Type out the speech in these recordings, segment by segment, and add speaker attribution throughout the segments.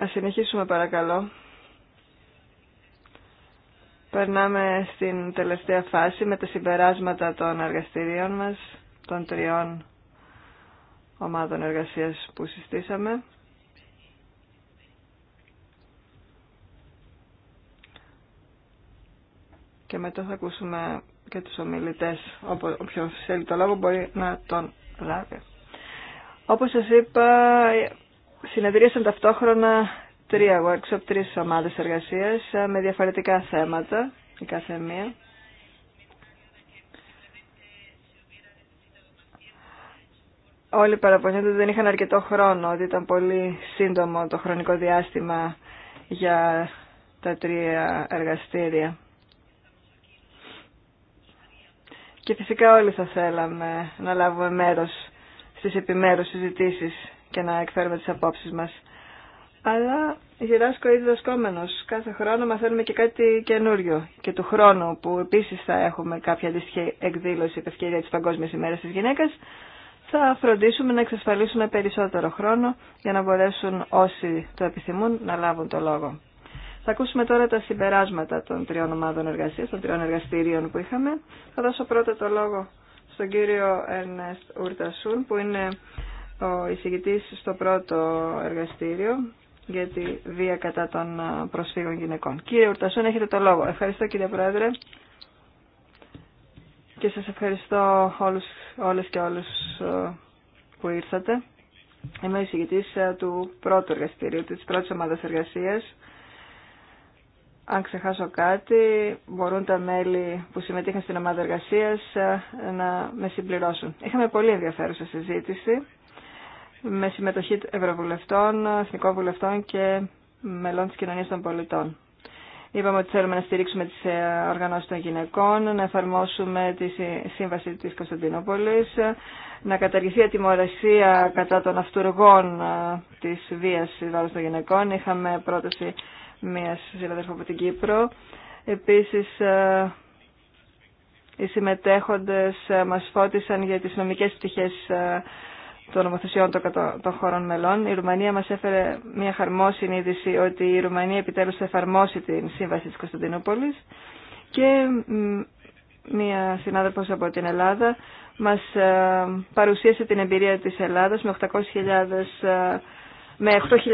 Speaker 1: Ας συνεχίσουμε παρακαλώ. Περνάμε στην τελευταία φάση με τα συμπεράσματα των εργαστηρίων μας, των τριών ομάδων εργασίας που συστήσαμε. Και μετά θα ακούσουμε και τους ομιλητές. Όποιος θέλει το λόγο μπορεί να τον λάβει. Όπως σας είπα, συνεδρίασαν ταυτόχρονα τρία workshop, τρεις ομάδες εργασίας ε, με διαφορετικά θέματα, η κάθε μία. Όλοι παραπονιούνται ότι δεν είχαν αρκετό χρόνο, ότι ήταν πολύ σύντομο το χρονικό διάστημα για τα τρία εργαστήρια. Και φυσικά όλοι θα θέλαμε να λάβουμε μέρος στις επιμέρους συζητήσεις και να εκφέρουμε τις απόψεις μας. Αλλά γυράσκω ήδη δασκόμενο. Κάθε χρόνο μαθαίνουμε και κάτι καινούριο. Και του χρόνου που επίσης θα έχουμε κάποια αντίστοιχη εκδήλωση επ' ευκαιρία της Παγκόσμιας ημέρας της γυναίκας, θα φροντίσουμε να εξασφαλίσουμε περισσότερο χρόνο για να μπορέσουν όσοι το επιθυμούν να λάβουν το λόγο. Θα ακούσουμε τώρα τα συμπεράσματα των τριών ομάδων εργασία, των τριών εργαστηρίων που είχαμε. Θα δώσω πρώτα το λόγο στον κύριο Ερνέστ Ουρτασούν, που είναι ο εισηγητής στο πρώτο εργαστήριο για τη βία κατά των ε, προσφύγων γυναικών. Κύριε Ουρτασούν, έχετε το λόγο. Ευχαριστώ κύριε Πρόεδρε και σας ευχαριστώ όλους, όλες και όλους ε, που ήρθατε. Είμαι ο εισηγητής ε, του πρώτου εργαστηρίου, της πρώτης ομάδας εργασίας. Αν ξεχάσω κάτι, μπορούν τα μέλη που συμμετείχαν στην ομάδα εργασίας να με συμπληρώσουν. Είχαμε πολύ ενδιαφέρουσα συζήτηση με συμμετοχή ευρωβουλευτών, εθνικών βουλευτών και μελών της κοινωνίας των πολιτών. Είπαμε ότι θέλουμε να στηρίξουμε τις ε, οργανώσεις των γυναικών, να εφαρμόσουμε τη σύμβαση της Κωνσταντινούπολης, να καταργηθεί η ατιμορρασία κατά των αυτούργων ε, της βίας βάρος των γυναικών. Είχαμε πρόταση μιας συναδέλφου από την Κύπρο. Επίσης, ε, οι συμμετέχοντες μας φώτισαν για τις νομικές πτυχές των νομοθεσιών των χωρών μελών. Η Ρουμανία μας έφερε μια χαρμό συνείδηση ότι η Ρουμανία επιτέλους θα εφαρμόσει την σύμβαση τη Κωνσταντινούπολης και μια συνάδελφος από την Ελλάδα μας ε, παρουσίασε την εμπειρία της Ελλάδα με 800.000 ε, με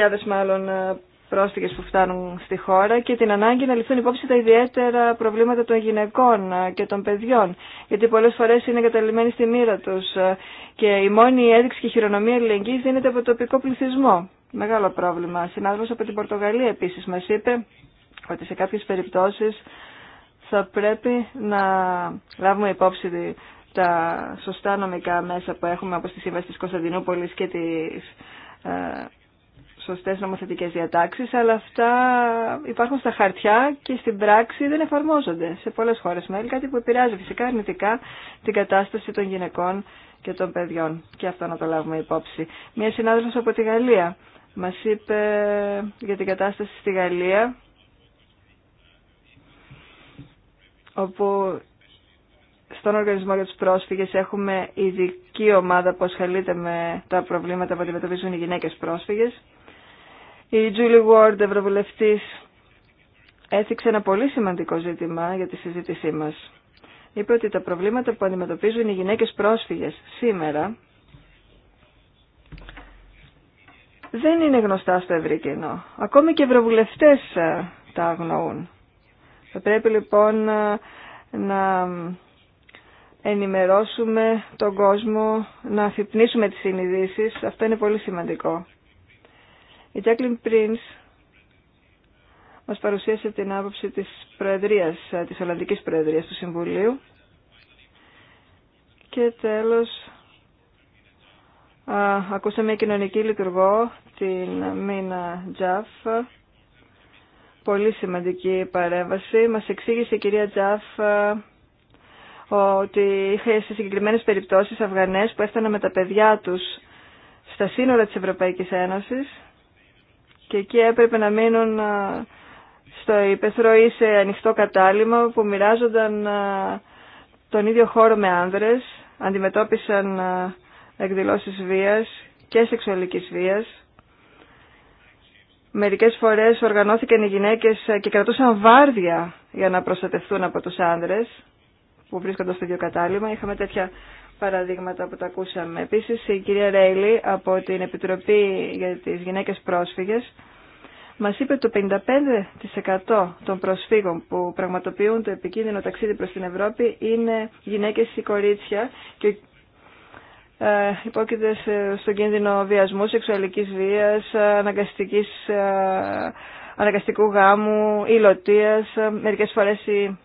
Speaker 1: 8.000 μάλλον ε, πρόσφυγες που φτάνουν στη χώρα και την ανάγκη να ληφθούν υπόψη τα ιδιαίτερα προβλήματα των γυναικών ε, και των παιδιών, γιατί πολλές φορές είναι εγκαταλειμμένοι στη μοίρα τους ε, και η μόνη έδειξη και χειρονομία ελληνική δίνεται από τοπικό πληθυσμό. Μεγάλο πρόβλημα. Συνάδελφος από την Πορτογαλία επίσης μας είπε ότι σε κάποιες περιπτώσεις θα πρέπει να λάβουμε υπόψη τα σωστά νομικά μέσα που έχουμε από τη Σύμβαση τη Κωνσταντινούπολη και τις ε, σωστές νομοθετικές διατάξεις, αλλά αυτά υπάρχουν στα χαρτιά και στην πράξη δεν εφαρμόζονται σε πολλές χώρες μέλη, κάτι που επηρεάζει φυσικά αρνητικά την κατάσταση των γυναικών και των παιδιών. Και αυτό να το λάβουμε υπόψη. Μία συνάδελφος από τη Γαλλία μας είπε για την κατάσταση στη Γαλλία, όπου στον Οργανισμό για τους Πρόσφυγες έχουμε ειδική ομάδα που ασχολείται με τα προβλήματα που αντιμετωπίζουν οι γυναίκες πρόσφυγες η Julie Ward, ευρωβουλευτής, έθιξε ένα πολύ σημαντικό ζήτημα για τη συζήτησή μας. Είπε ότι τα προβλήματα που αντιμετωπίζουν οι γυναίκες πρόσφυγες σήμερα δεν είναι γνωστά στο ευρύ κοινό. Ακόμη και ευρωβουλευτές ε, τα αγνοούν. Θα πρέπει λοιπόν ε, να ενημερώσουμε τον κόσμο, να αφυπνίσουμε τις συνειδήσεις. Αυτό είναι πολύ σημαντικό. Η Τζάκλιν Πρίνς μας παρουσίασε την άποψη της Προεδρίας, της Ολλανδικής Προεδρίας του Συμβουλίου. Και τέλος, α, ακούσαμε μια κοινωνική λειτουργό, την Μίνα Τζαφ, πολύ σημαντική παρέμβαση. Μας εξήγησε η κυρία Τζαφ ότι είχε σε συγκεκριμένες περιπτώσεις Αφγανές που έφταναν με τα παιδιά τους στα σύνορα της Ευρωπαϊκής Ένωσης και εκεί έπρεπε να μείνουν στο υπεθρό ή σε ανοιχτό κατάλημα που μοιράζονταν τον ίδιο χώρο με άνδρες, αντιμετώπισαν εκδηλώσεις βίας και σεξουαλικής βίας. Μερικές φορές οργανώθηκαν οι γυναίκες και κρατούσαν βάρδια για να προστατευτούν από τους άνδρες που βρίσκονταν στο ίδιο κατάλημα. Είχαμε τέτοια παραδείγματα που τα ακούσαμε. Επίσης η κυρία Ρέιλι από την Επιτροπή για τις Γυναίκες Πρόσφυγες μας είπε το 55% των προσφύγων που πραγματοποιούν το επικίνδυνο ταξίδι προς την Ευρώπη είναι γυναίκες ή κορίτσια και ε, υπόκειται στον κίνδυνο βιασμού, σεξουαλικής βίας, αναγκαστικής, ε, αναγκαστικού γάμου, ηλωτίας, ε, μερικές φορές οι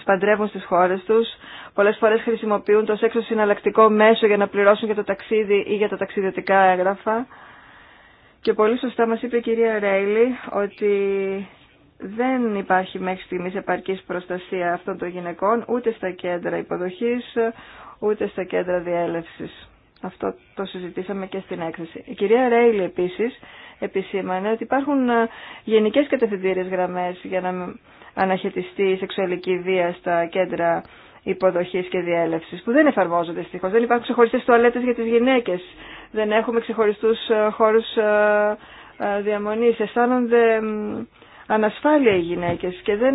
Speaker 1: σπαντρεύουν στις χώρες τους. Πολλές φορές χρησιμοποιούν το σεξ ως συναλλακτικό μέσο για να πληρώσουν για το ταξίδι ή για τα ταξιδιωτικά έγγραφα. Και πολύ σωστά μας είπε η κυρία Ρέιλι ότι δεν υπάρχει μέχρι στιγμής επαρκής προστασία αυτών των γυναικών ούτε στα κέντρα υποδοχής, ούτε στα κέντρα διέλευσης. Αυτό το συζητήσαμε και στην έκθεση. Η κυρία Ρέιλι επίσης επισήμανε ότι υπάρχουν γενικές κατευθυντήριες γραμμές για να αναχαιτιστεί η σεξουαλική βία στα κέντρα υποδοχή και διέλευση, που δεν εφαρμόζονται δυστυχώ. Δεν υπάρχουν ξεχωριστέ τουαλέτε για τι γυναίκε. Δεν έχουμε ξεχωριστού ε, χώρου ε, ε, διαμονή. Αισθάνονται ανασφάλεια οι γυναίκε και δεν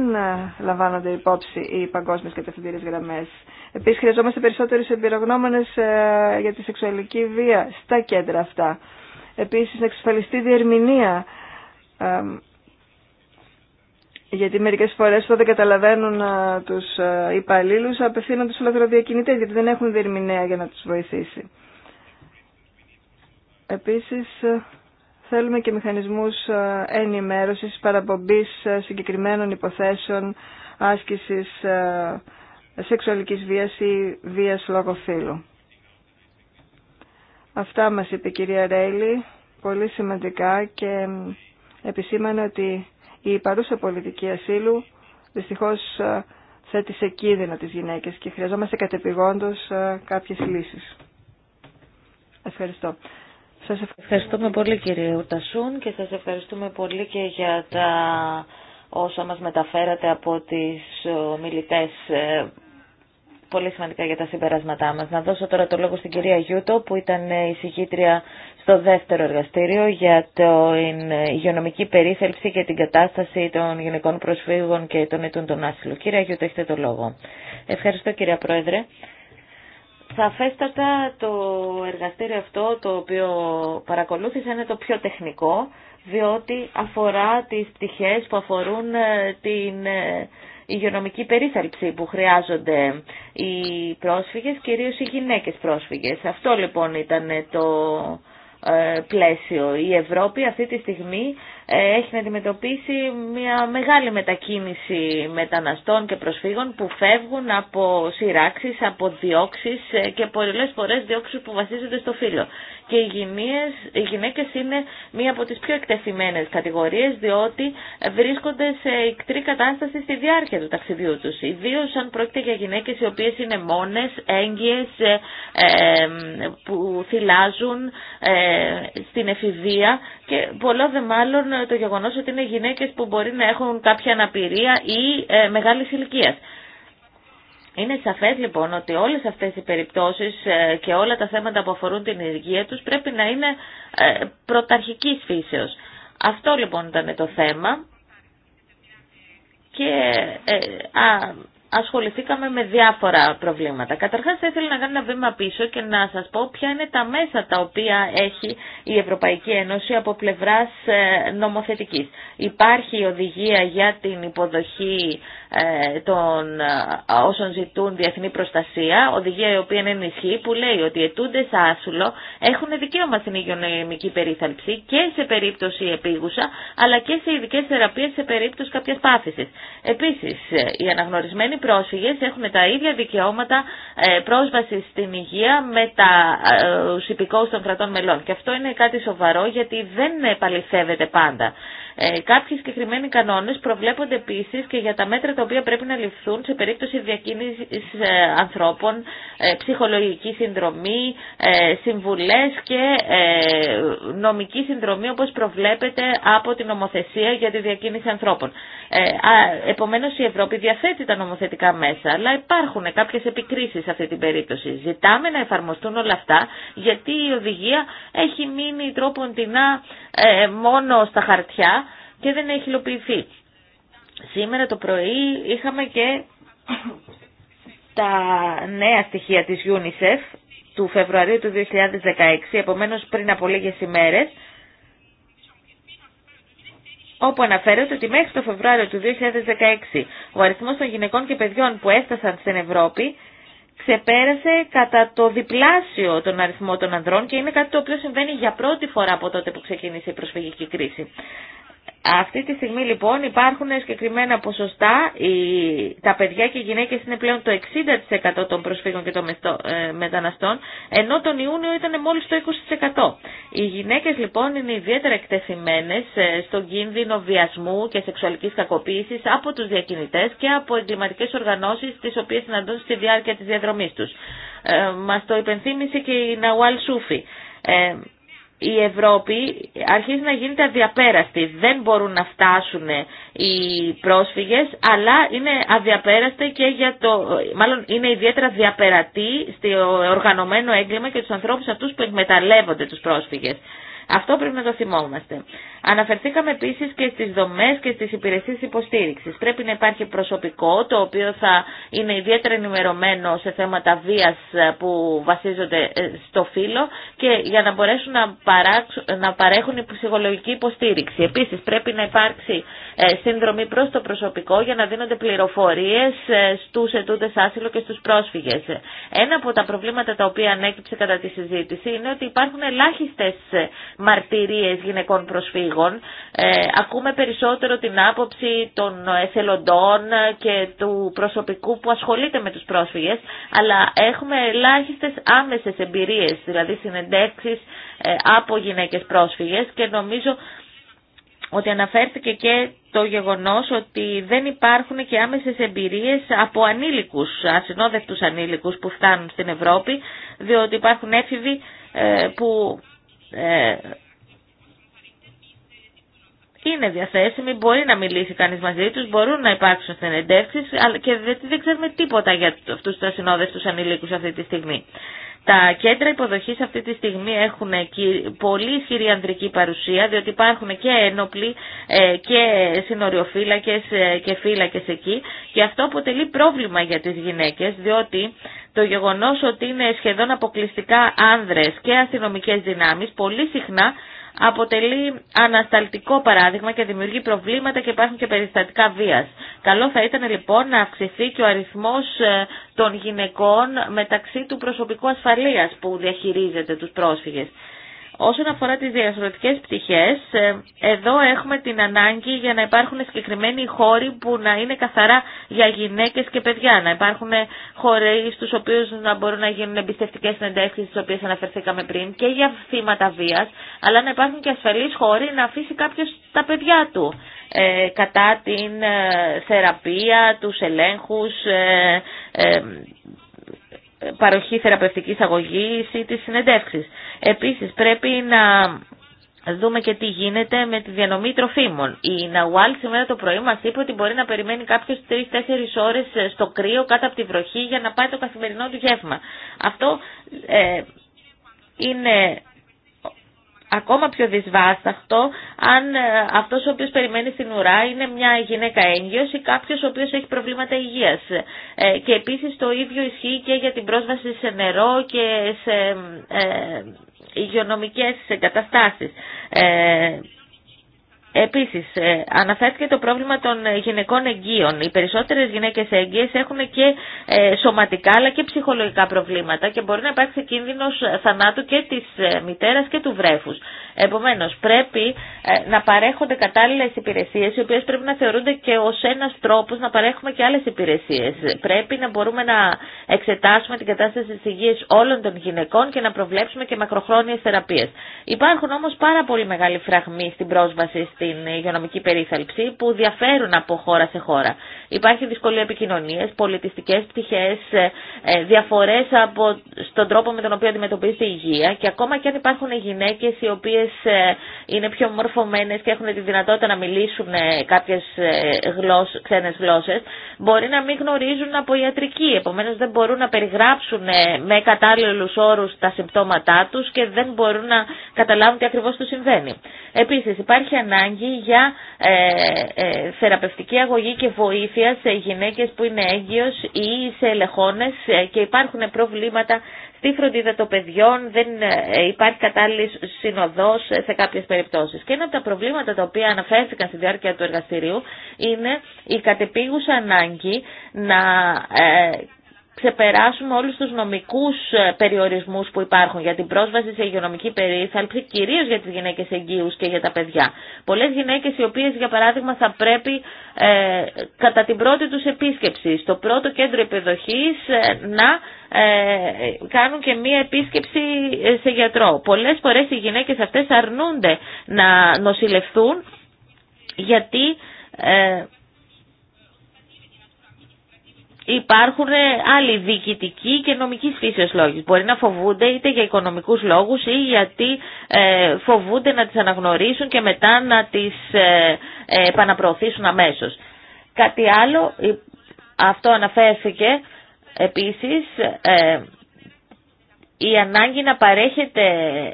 Speaker 1: λαμβάνονται υπόψη οι παγκόσμιε κατευθυντήριε γραμμέ. Επίση, χρειαζόμαστε περισσότερε εμπειρογνώμονε για τη σεξουαλική βία στα κέντρα αυτά. Επίση, να εξασφαλιστεί διερμηνία γιατί μερικές φορές όταν δεν καταλαβαίνουν ε, του ε, υπαλλήλου απευθύνονται στου λαθροδιακινητές γιατί δεν έχουν διερμηνέα για να τους βοηθήσει. Επίση, ε, θέλουμε και μηχανισμούς ενημέρωση συγκεκριμένων υποθέσεων άσκησης σεξουαλικής βίας ή βίας λόγω φύλου. Αυτά μας είπε η κυρία Ρέιλι, πολύ σημαντικά και επισήμανε ότι η παρούσα πολιτική ασύλου δυστυχώς ε, θέτει σε κίνδυνο τις γυναίκες και χρειαζόμαστε κατεπηγόντως ε, κάποιες λύσεις.
Speaker 2: Ευχαριστώ. Σας ευχαριστούμε πολύ κύριε Ουτασούν και σας ευχαριστούμε πολύ και για τα όσα μας μεταφέρατε από τις ομιλητές ε, πολύ σημαντικά για τα συμπεράσματά μας. Να δώσω τώρα το λόγο στην κυρία Γιούτο που ήταν ε, η συγκήτρια στο δεύτερο εργαστήριο για την ε, υγειονομική περίθαλψη και την κατάσταση των γυναικών προσφύγων και των ετών των άσυλο. Κυρία Γιούτο, έχετε το λόγο. Ευχαριστώ κυρία Πρόεδρε. Σαφέστατα το εργαστήριο αυτό το οποίο παρακολούθησα είναι το πιο τεχνικό διότι αφορά τις πτυχές που αφορούν ε, την υγειονομική περίθαλψη που χρειάζονται οι πρόσφυγες, κυρίως οι γυναίκες πρόσφυγες. Αυτό λοιπόν ήταν το ε, πλαίσιο. Η Ευρώπη αυτή τη στιγμή ε, έχει να αντιμετωπίσει μια μεγάλη μετακίνηση μεταναστών και προσφύγων που φεύγουν από σειράξει, από διώξει ε, και πολλέ φορέ διώξει που βασίζονται στο φύλλο. Και οι, γυναίες, οι γυναίκες είναι μία από τις πιο εκτεθειμένες κατηγορίες διότι βρίσκονται σε ικτρή κατάσταση στη διάρκεια του ταξιδιού τους. Ιδίω αν πρόκειται για γυναίκες οι οποίες είναι μόνες, έγκυες, ε, που θυλάζουν στην εφηβεία και πολλό δε μάλλον το γεγονός ότι είναι γυναίκες που μπορεί να έχουν κάποια αναπηρία ή ε, μεγάλης Είναι σαφές λοιπόν ότι όλες αυτές οι περιπτώσεις ε, και όλα τα θέματα που αφορούν την υγεία τους πρέπει να είναι ε, πρωταρχικής φύσεως. Αυτό λοιπόν ήταν το θέμα και ε, ασχοληθήκαμε με διάφορα προβλήματα. Καταρχάς θα ήθελα να κάνω ένα βήμα πίσω και να σας πω ποια είναι τα μέσα τα οποία έχει η Ευρωπαϊκή Ένωση από πλευράς ε, νομοθετικής. Υπάρχει οδηγία για την υποδοχή ε, των ε, όσων ζητούν διεθνή προστασία, οδηγία η οποία είναι ενισχύ, που λέει ότι οι ετούντε άσουλο έχουν δικαίωμα στην υγειονομική περίθαλψη και σε περίπτωση επίγουσα, αλλά και σε ειδικέ θεραπείε σε περίπτωση κάποια πάθηση. Επίση, ε, οι αναγνωρισμένοι πρόσφυγε έχουν τα ίδια δικαιώματα πρόσβαση στην υγεία με τα υπηκόου των κρατών μελών. Και αυτό είναι κάτι σοβαρό γιατί δεν επαληθεύεται πάντα. Κάποιοι συγκεκριμένοι κανόνε προβλέπονται επίση και για τα μέτρα τα οποία πρέπει να ληφθούν σε περίπτωση διακίνησης ε, ανθρώπων, ε, ψυχολογική συνδρομή, ε, συμβουλές και νομική συνδρομή όπως προβλέπεται από την νομοθεσία για τη διακίνηση ανθρώπων. Επομένως η Ευρώπη διαθέτει τα νομοθετικά μέσα, αλλά υπάρχουν κάποιες επικρίσεις σε αυτή την περίπτωση. Ζητάμε να εφαρμοστούν όλα αυτά γιατί η οδηγία έχει μείνει τρόποντινά μόνο στα χαρτιά και δεν έχει υλοποιηθεί. Σήμερα το πρωί είχαμε και τα νέα στοιχεία της UNICEF του Φεβρουαρίου του 2016, επομένως πριν από λίγες ημέρες, όπου αναφέρεται ότι μέχρι το Φεβρουάριο του 2016 ο αριθμός των γυναικών και παιδιών που έφτασαν στην Ευρώπη ξεπέρασε κατά το διπλάσιο τον αριθμό των ανδρών και είναι κάτι το οποίο συμβαίνει για πρώτη φορά από τότε που ξεκίνησε η προσφυγική κρίση. Αυτή τη στιγμή λοιπόν υπάρχουν συγκεκριμένα ποσοστά, τα παιδιά και οι γυναίκες είναι πλέον το 60% των προσφύγων και των ε, μεταναστών, ενώ τον Ιούνιο ήταν μόλις το 20%. Οι γυναίκες λοιπόν είναι ιδιαίτερα εκτεθειμένες ε, στον κίνδυνο βιασμού και σεξουαλικής κακοποίησης από τους διακινητές και από εγκληματικές οργανώσεις τις οποίες συναντούν στη διάρκεια της διαδρομής τους. Ε, μας το υπενθύμησε και η Ναουάλ Σούφη. Ε, η Ευρώπη αρχίζει να γίνεται αδιαπέραστη. Δεν μπορούν να φτάσουν οι πρόσφυγες, αλλά είναι αδιαπέραστη και για το... Μάλλον είναι ιδιαίτερα διαπερατή στο οργανωμένο έγκλημα και τους ανθρώπους αυτούς που εκμεταλλεύονται τους πρόσφυγες. Αυτό πρέπει να το θυμόμαστε. Αναφερθήκαμε επίση και στι δομέ και στι υπηρεσίε υποστήριξη. Πρέπει να υπάρχει προσωπικό το οποίο θα είναι ιδιαίτερα ενημερωμένο σε θέματα βία που βασίζονται ε, στο φύλλο και για να μπορέσουν να, παράξουν, να παρέχουν ψυχολογική υποστήριξη. Επίση πρέπει να υπάρξει ε, σύνδρομη προ το προσωπικό για να δίνονται πληροφορίε ε, στου ετούντε άσυλο και στου πρόσφυγε. Ένα από τα προβλήματα τα οποία ανέκυψε κατά τη συζήτηση είναι ότι υπάρχουν ελάχιστε μαρτυρίες γυναικών προσφύγων. Ε, ακούμε περισσότερο την άποψη των εθελοντών και του προσωπικού που ασχολείται με τους πρόσφυγες, αλλά έχουμε ελάχιστες άμεσες εμπειρίες, δηλαδή συνεντεύξεις ε, από γυναίκες πρόσφυγες και νομίζω ότι αναφέρθηκε και το γεγονός ότι δεν υπάρχουν και άμεσες εμπειρίες από ανήλικους, ασυνόδευτους ανήλικους που φτάνουν στην Ευρώπη, διότι υπάρχουν έφηβοι ε, που ε, είναι διαθέσιμοι, μπορεί να μιλήσει κανείς μαζί τους, μπορούν να υπάρξουν συνεντεύξεις αλλά και δεν ξέρουμε τίποτα για αυτούς τους ασυνόδευτους ανηλίκους αυτή τη στιγμή. Τα κέντρα υποδοχής αυτή τη στιγμή έχουν πολύ ισχυρή ανδρική παρουσία, διότι υπάρχουν και ένοπλοι ε, και συνοριοφύλακες ε, και φύλακες εκεί και αυτό αποτελεί πρόβλημα για τις γυναίκες, διότι το γεγονός ότι είναι σχεδόν αποκλειστικά άνδρες και αστυνομικές δυνάμεις πολύ συχνά αποτελεί ανασταλτικό παράδειγμα και δημιουργεί προβλήματα και υπάρχουν και περιστατικά βίας. Καλό θα ήταν λοιπόν να αυξηθεί και ο αριθμός ε, των γυναικών μεταξύ του προσωπικού ασφαλείας που διαχειρίζεται τους πρόσφυγες. Όσον αφορά τις διαφορετικές πτυχές, ε, εδώ έχουμε την ανάγκη για να υπάρχουν συγκεκριμένοι χώροι που να είναι καθαρά για γυναίκες και παιδιά. Να υπάρχουν χώροι στους οποίους να μπορούν να γίνουν εμπιστευτικές συνεντεύξεις στις οποίες αναφερθήκαμε πριν και για θύματα βίας, αλλά να υπάρχουν και ασφαλείς χώροι να αφήσει κάποιος τα παιδιά του ε, κατά την ε, θεραπεία, τους ελέγχους, παροχή θεραπευτικής αγωγής ή της συνεντεύξης. Επίσης πρέπει να δούμε και τι γίνεται με τη διανομή τροφίμων. Η Ναουάλ σήμερα το πρωί μας είπε ότι μπορεί να περιμένει κάποιος 3-4 ώρες ε, στο κρύο κάτω από τη βροχή για να πάει το καθημερινό του γεύμα. Αυτό ε, είναι ακόμα πιο δυσβάσταχτο αν ε, αυτός ο οποίος περιμένει στην ουρά είναι μια γυναίκα έγκυος ή κάποιος ο οποίος έχει προβλήματα υγείας. Ε, και επίσης το ίδιο ισχύει και για την πρόσβαση σε νερό και σε ε, υγειονομικές εγκαταστάσεις. Επίσης, ε, αναφέρθηκε το πρόβλημα των ε, γυναικών εγγύων. Οι περισσότερε γυναίκε εγγύες έχουν και ε, σωματικά αλλά και ψυχολογικά προβλήματα και μπορεί να υπάρξει κίνδυνο θανάτου και της μητέρα και του βρέφου. Επομένω, πρέπει να παρέχονται κατάλληλε υπηρεσίε, οι οποίε πρέπει να θεωρούνται και ω ένα τρόπο, να παρέχουμε και άλλε υπηρεσίε. Πρέπει να μπορούμε να εξετάσουμε την κατάσταση τη υγείας όλων των γυναικών και να προβλέψουμε και μακροχρόνιε θεραπείε. Υπάρχουν όμω πάρα πολύ μεγάλοι φραγμοί στην πρόσβαση στην υγειονομική περίθαλψη που διαφέρουν από χώρα σε χώρα. Υπάρχει δυσκολία επικοινωνίες, πολιτιστικέ πτυχέ, ε, ε, διαφορέ από, στον τρόπο με τον οποίο αντιμετωπίζεται η υγεία και ακόμα και αν υπάρχουν γυναίκε οι οποίε ε, είναι πιο μορφωμένε και έχουν τη δυνατότητα να μιλήσουν κάποιε γλώσ, γλώσσε, μπορεί να μην γνωρίζουν από ιατρική, Επομένω, δεν μπορούν να περιγράψουν με κατάλληλού όρου τα συμπτώματά του και δεν μπορούν να καταλάβουν τι ακριβώ του συμβαίνει. Επίση, υπάρχει ανάγκη ανάγκη για ε, ε, θεραπευτική αγωγή και βοήθεια σε γυναίκες που είναι έγκυος ή σε ελεγχόνες ε, και υπάρχουν προβλήματα στη φροντίδα των παιδιών, δεν υπάρχει κατάλληλη συνοδός σε κάποιες περιπτώσεις. Και ένα από τα προβλήματα τα οποία αναφέρθηκαν στη διάρκεια του εργαστηρίου είναι η κατεπίγουσα ανάγκη να ξεπεράσουμε όλους τους νομικούς ε, περιορισμούς που υπάρχουν για την πρόσβαση σε υγειονομική περίθαλψη, κυρίως για τις γυναίκες εγγύους και για τα παιδιά. Πολλές γυναίκες οι οποίες, για παράδειγμα, θα πρέπει ε, κατά την πρώτη τους επίσκεψη στο πρώτο κέντρο επιδοχής ε, να κάνουν και μία επίσκεψη σε γιατρό. Πολλές φορές οι γυναίκες αυτές αρνούνται να νοσηλευθούν γιατί υπάρχουν ε, άλλοι διοικητικοί και νομικοί φύσεως λόγοι. Μπορεί να φοβούνται είτε για οικονομικούς λόγους ή γιατί ε, φοβούνται να τις αναγνωρίσουν και μετά να τις ε, επαναπροωθήσουν αμέσως. Κάτι άλλο, αυτό αναφέρθηκε επίσης, η ανάγκη να παρέχεται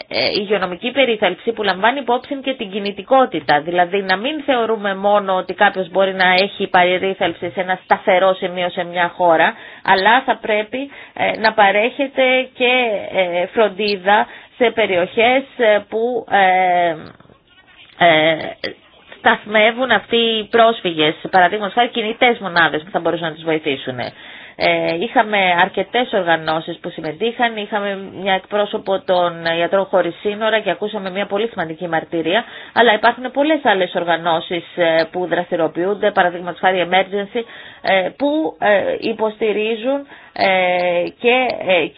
Speaker 2: ε, υγειονομική περίθαλψη που λαμβάνει υπόψη και την κινητικότητα. Δηλαδή να μην θεωρούμε μόνο ότι κάποιος μπορεί να έχει περίθαλψη σε ένα σταθερό σημείο σε μια χώρα, αλλά θα πρέπει ε, να παρέχεται και ε, φροντίδα σε περιοχές που σταθμεύουν αυτοί οι πρόσφυγες, παραδείγματος χάρη κινητές μονάδες που θα μπορούσαν να τις βοηθήσουν. Ε, είχαμε αρκετές οργανώσεις που συμμετείχαν, είχαμε μια εκπρόσωπο των γιατρών Χωρίς Σύνορα και ακούσαμε μια πολύ σημαντική μαρτυρία, αλλά υπάρχουν πολλές άλλες οργανώσεις ε, που δραστηριοποιούνται, παραδείγματος χάρη Emergency, ε, που υποστηρίζουν και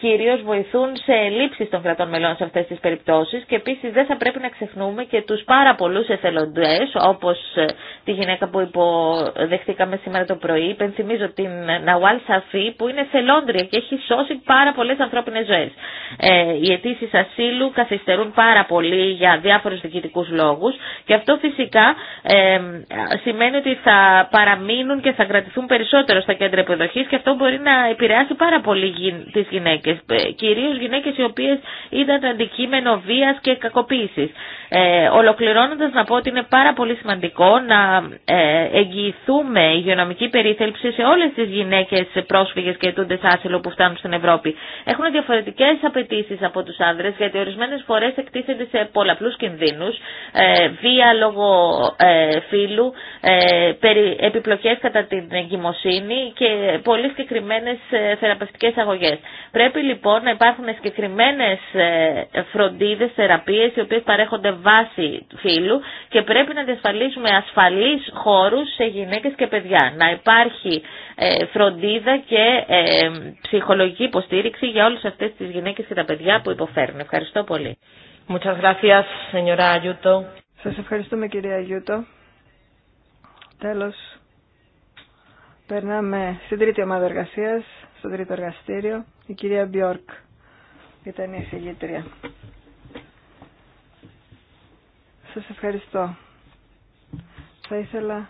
Speaker 2: κυρίως βοηθούν σε λήψεις των κρατών μελών σε αυτές τις περιπτώσεις και επίσης δεν θα πρέπει να ξεχνούμε και τους πάρα πολλούς εθελοντές όπως τη γυναίκα που υποδεχτήκαμε σήμερα το πρωί. Υπενθυμίζω την Ναουάλ Σαφ που είναι θελόντρια και έχει σώσει πάρα πολλέ ανθρώπινε ζωέ. Ε, οι αιτήσει ασύλου καθυστερούν πάρα πολύ για διάφορου διοικητικού λόγου. και αυτό φυσικά ε, σημαίνει ότι θα παραμείνουν και θα κρατηθούν περισσότερο στα κέντρα υποδοχή και αυτό μπορεί να επηρεάσει πάρα πολύ τι γυναίκε. Ε, Κυρίω γυναίκε, οι οποίε ήταν αντικείμενο βία και κακοποίηση, Ε, ολοκληρώνοντας να πω ότι είναι πάρα πολύ σημαντικό να ε, εγγυηθούμε υγειονομική περίθαλψη σε όλε τι γυναίκε πρόσφυγε και ετούντε άσυλο που φτάνουν στην Ευρώπη. Έχουν διαφορετικέ απαιτήσει από του άνδρε, γιατί ορισμένε φορέ εκτίθενται σε πολλαπλού κινδύνους, ε, βία λόγω ε, φύλου, ε, επιπλοκέ κατά την εγκυμοσύνη και πολύ συγκεκριμένε θεραπευτικέ αγωγέ. Πρέπει λοιπόν να υπάρχουν συγκεκριμένε φροντίδε, θεραπείε, οι οποίε παρέχονται βάση φύλου και πρέπει να διασφαλίσουμε ασφαλεί χώρου σε γυναίκε και παιδιά. Να υπάρχει φροντίδα και ε, ψυχολογική υποστήριξη για όλες αυτές τις γυναίκες και τα παιδιά που υποφέρουν. Ευχαριστώ πολύ. Muchas gracias, señora Σας ευχαριστούμε
Speaker 3: κυρία Αγιούτο. Τέλος, περνάμε
Speaker 1: στην τρίτη ομάδα εργασίας, στο τρίτο εργαστήριο, η κυρία Μπιόρκ. η η εισηγήτρια. Σας ευχαριστώ. Θα ήθελα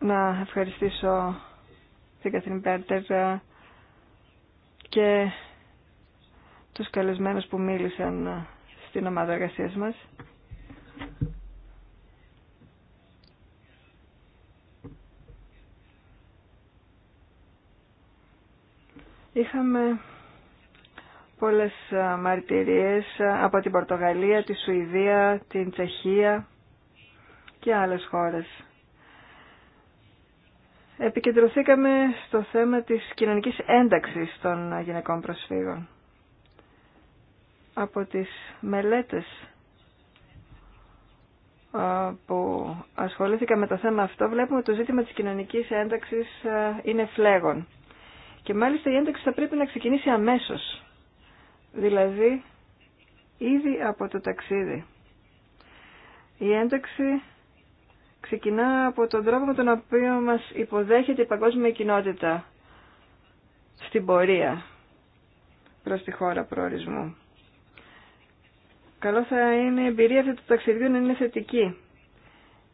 Speaker 1: να ευχαριστήσω την Καθήν Πέρτερ ε, και τους καλεσμένους που μίλησαν ε, στην ομάδα εργασίας μας. Είχαμε πολλές ε, μαρτυρίες από την Πορτογαλία, τη Σουηδία, την Τσεχία και άλλες χώρες επικεντρωθήκαμε στο θέμα της κοινωνικής ένταξης των γυναικών προσφύγων. Από τις μελέτες που ασχολήθηκα με το θέμα αυτό βλέπουμε ότι το ζήτημα της κοινωνικής ένταξης είναι φλέγον. Και μάλιστα η ένταξη θα πρέπει να ξεκινήσει αμέσως. Δηλαδή ήδη από το ταξίδι. Η ένταξη ξεκινά από τον τρόπο με τον οποίο μας υποδέχεται η παγκόσμια κοινότητα στην πορεία προς τη χώρα προορισμού. Καλό θα είναι η εμπειρία αυτή του ταξιδιού να είναι θετική,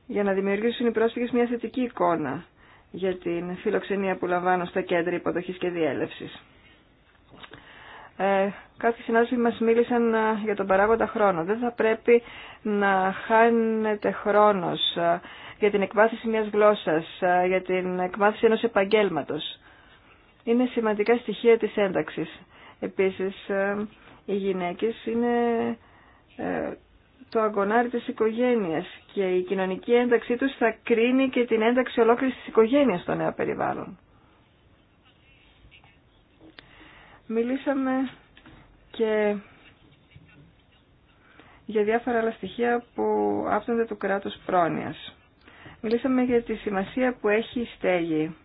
Speaker 1: για να δημιουργήσουν οι πρόσφυγες μια θετική εικόνα για την φιλοξενία που λαμβάνουν στα κέντρα υποδοχής και διέλευσης. Ε, κάποιοι συνάδελφοι μας μίλησαν ε, για τον παράγοντα χρόνο. Δεν θα πρέπει να χάνεται χρόνος ε, για την εκμάθηση μιας γλώσσας, ε, για την εκμάθηση ενός επαγγέλματος. Είναι σημαντικά στοιχεία της ένταξης. Επίσης, οι γυναίκες είναι το αγωνάρι της οικογένειας και η κοινωνική ένταξή τους θα κρίνει και την ένταξη ολόκληρης της οικογένειας στο νέο περιβάλλον. Μιλήσαμε και για διάφορα άλλα στοιχεία που άπτονται του κράτους πρόνοιας. Μιλήσαμε για τη σημασία που έχει η στέγη.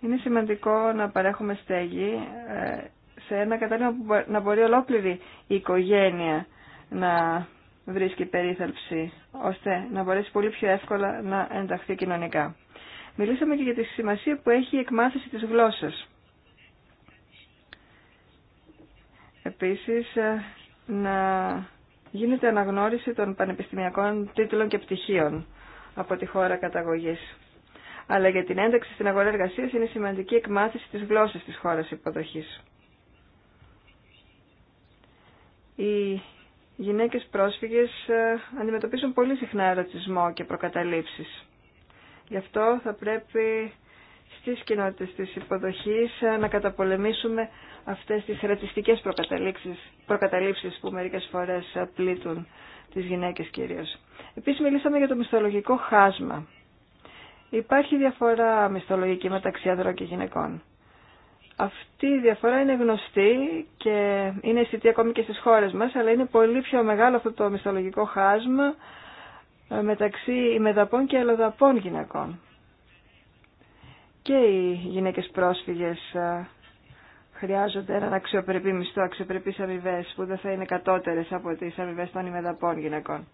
Speaker 1: Είναι σημαντικό να παρέχουμε στέγη ε, σε ένα κατάλληλο που να μπορεί ολόκληρη η οικογένεια να βρίσκει περίθαλψη, ώστε να μπορέσει πολύ πιο εύκολα να ενταχθεί κοινωνικά. Μιλήσαμε και για τη σημασία που έχει η εκμάθηση της γλώσσας. Επίσης, ε, να γίνεται αναγνώριση των πανεπιστημιακών τίτλων και πτυχίων από τη χώρα καταγωγής. Αλλά για την ένταξη στην αγορά εργασίας είναι σημαντική εκμάθηση της γλώσσας της χώρας υποδοχής. Οι γυναίκες πρόσφυγες ε, αντιμετωπίζουν πολύ συχνά ερωτισμό και προκαταλήψεις. Γι' αυτό θα πρέπει στις κοινότητας της υποδοχής ε, να καταπολεμήσουμε αυτές τις ρατσιστικές προκαταλήψεις, προκαταλήψεις που μερικές φορές ε, πλήττουν τις γυναίκες κυρίως. Επίσης μιλήσαμε για το μισθολογικό χάσμα. Υπάρχει διαφορά μισθολογική μεταξύ ανδρών και γυναικών. Αυτή η διαφορά είναι γνωστή και είναι αισθητή ακόμη και στις χώρες μας, αλλά είναι πολύ πιο μεγάλο αυτό το μισθολογικό χάσμα ε, μεταξύ ημεδαπών και αλλοδαπών γυναικών και οι γυναίκες πρόσφυγες ε, χρειάζονται έναν αξιοπρεπή μισθό, αξιοπρεπείς αμοιβέ που δεν θα είναι κατώτερες από τις αμοιβέ των ημεδαπών γυναικών.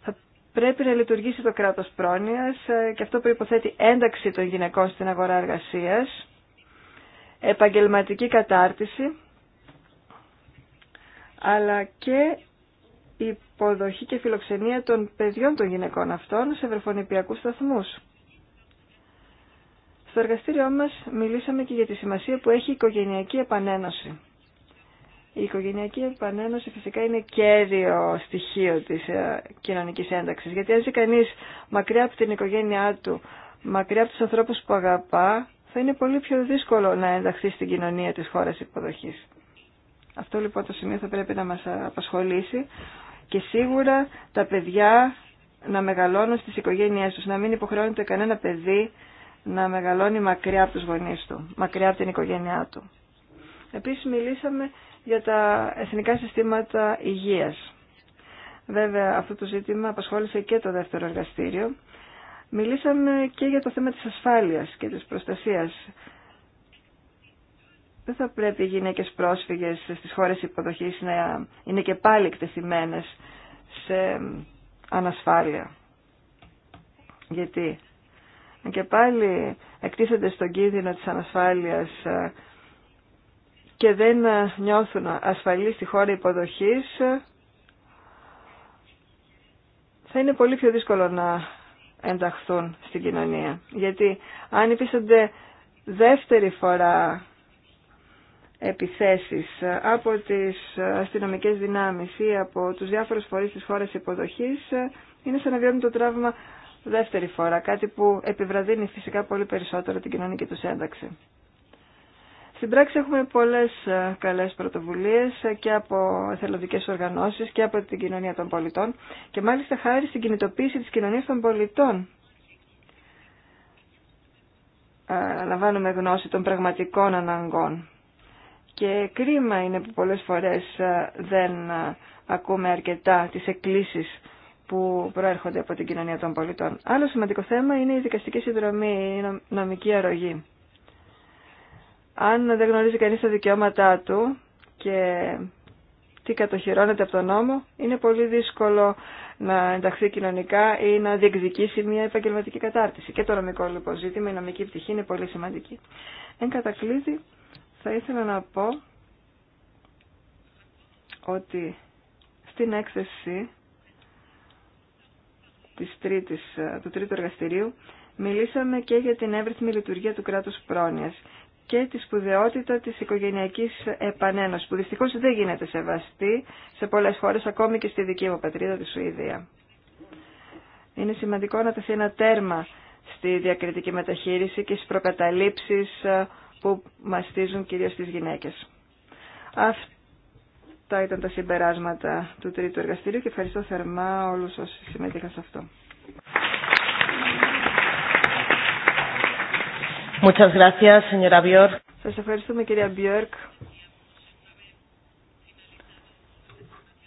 Speaker 1: Θα πρέπει να λειτουργήσει το κράτος πρόνοιας ε, και αυτό υποθέτει ένταξη των γυναικών στην αγορά εργασίας, επαγγελματική κατάρτιση, αλλά και υποδοχή και φιλοξενία των παιδιών των γυναικών αυτών σε βρεφονιπιακούς σταθμούς. Στο εργαστήριό μας μιλήσαμε και για τη σημασία που έχει η οικογενειακή επανένωση. Η οικογενειακή επανένωση φυσικά είναι κέριο στοιχείο της ε, κοινωνικής ένταξης. Γιατί αν ζει κανείς μακριά από την οικογένειά του, μακριά από τους ανθρώπους που αγαπά, θα είναι πολύ πιο δύσκολο να ενταχθεί στην κοινωνία της χώρας υποδοχής. Αυτό λοιπόν το σημείο θα πρέπει να μας απασχολήσει και σίγουρα τα παιδιά να μεγαλώνουν στις οικογένειές τους, να μην υποχρεώνεται κανένα παιδί να μεγαλώνει μακριά από τους γονείς του, μακριά από την οικογένειά του. Επίσης μιλήσαμε για τα εθνικά συστήματα υγείας. Βέβαια αυτό το ζήτημα απασχόλησε και το δεύτερο εργαστήριο. Μιλήσαμε και για το θέμα της ασφάλειας και της προστασίας. Δεν θα πρέπει οι γυναίκες πρόσφυγες στις χώρες υποδοχής να είναι και πάλι εκτεθειμένες σε ανασφάλεια. Γιατί και πάλι εκτίθενται στον κίνδυνο της ανασφάλειας ε, και δεν ε, νιώθουν ασφαλείς στη χώρα υποδοχής, θα είναι πολύ πιο δύσκολο να ενταχθούν στην κοινωνία. Γιατί αν υπήρχονται δεύτερη φορά επιθέσεις ε, από τις αστυνομικές δυνάμεις ή από τους διάφορους φορείς της χώρας υποδοχής, είναι σαν να βιώνουν το τραύμα δεύτερη φορά, κάτι που επιβραδύνει φυσικά πολύ περισσότερο την κοινωνική του ένταξη. Στην πράξη έχουμε πολλές ε, καλές πρωτοβουλίες ε, και από εθελοντικές οργανώσεις και από την κοινωνία των πολιτών και μάλιστα χάρη στην κινητοποίηση της κοινωνίας των πολιτών. Ε, Αναβάνουμε γνώση των πραγματικών αναγκών. Και κρίμα είναι που πολλές φορές δεν ακούμε αρκετά τις εκκλήσεις που προέρχονται από την κοινωνία των πολιτών. Άλλο σημαντικό θέμα είναι η δικαστική συνδρομή, η νομική αρρωγή. Αν δεν γνωρίζει κανείς τα δικαιώματά του και τι κατοχυρώνεται από τον νόμο, είναι πολύ δύσκολο να ενταχθεί κοινωνικά ή να διεκδικήσει μια επαγγελματική κατάρτιση. Και το νομικό λοιπόν ζήτημα, η νομική πτυχή είναι πολύ σημαντική. Εν κατακλείδη, θα ήθελα να πω ότι στην έκθεση της ε, του τρίτου εργαστηρίου, μιλήσαμε και για την εύρυθμη λειτουργία του κράτους πρόνοιας και τη σπουδαιότητα της οικογενειακής επανένωσης, που δυστυχώς δεν γίνεται σεβαστή σε πολλές χώρες, ακόμη και στη δική μου πατρίδα, τη Σουηδία. Είναι σημαντικό να τεθεί ένα τέρμα στη διακριτική μεταχείριση και στις προκαταλήψεις ε, που μαστίζουν κυρίως τις γυναίκες. Αυτά ήταν τα συμπεράσματα του τρίτου εργαστηρίου και ευχαριστώ θερμά όλους όσοι
Speaker 3: συμμετείχαν σε αυτό. Muchas gracias, señora Björk.
Speaker 1: Σας ευχαριστούμε κυρία Μπιόρκ.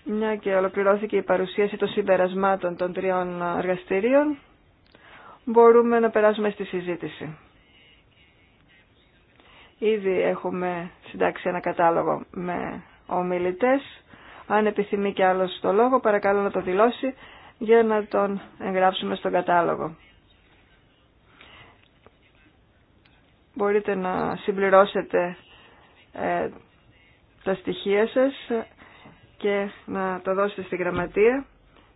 Speaker 1: Μια και ολοκληρώθηκε η παρουσίαση των συμπερασμάτων των τριών εργαστηρίων, μπορούμε να περάσουμε στη συζήτηση. Ήδη έχουμε συντάξει ένα κατάλογο με ομιλητές. Αν επιθυμεί και άλλος το λόγο, παρακαλώ να το δηλώσει για να τον εγγράψουμε στον κατάλογο. Μπορείτε να συμπληρώσετε ε, τα στοιχεία σας και να το δώσετε στη γραμματεία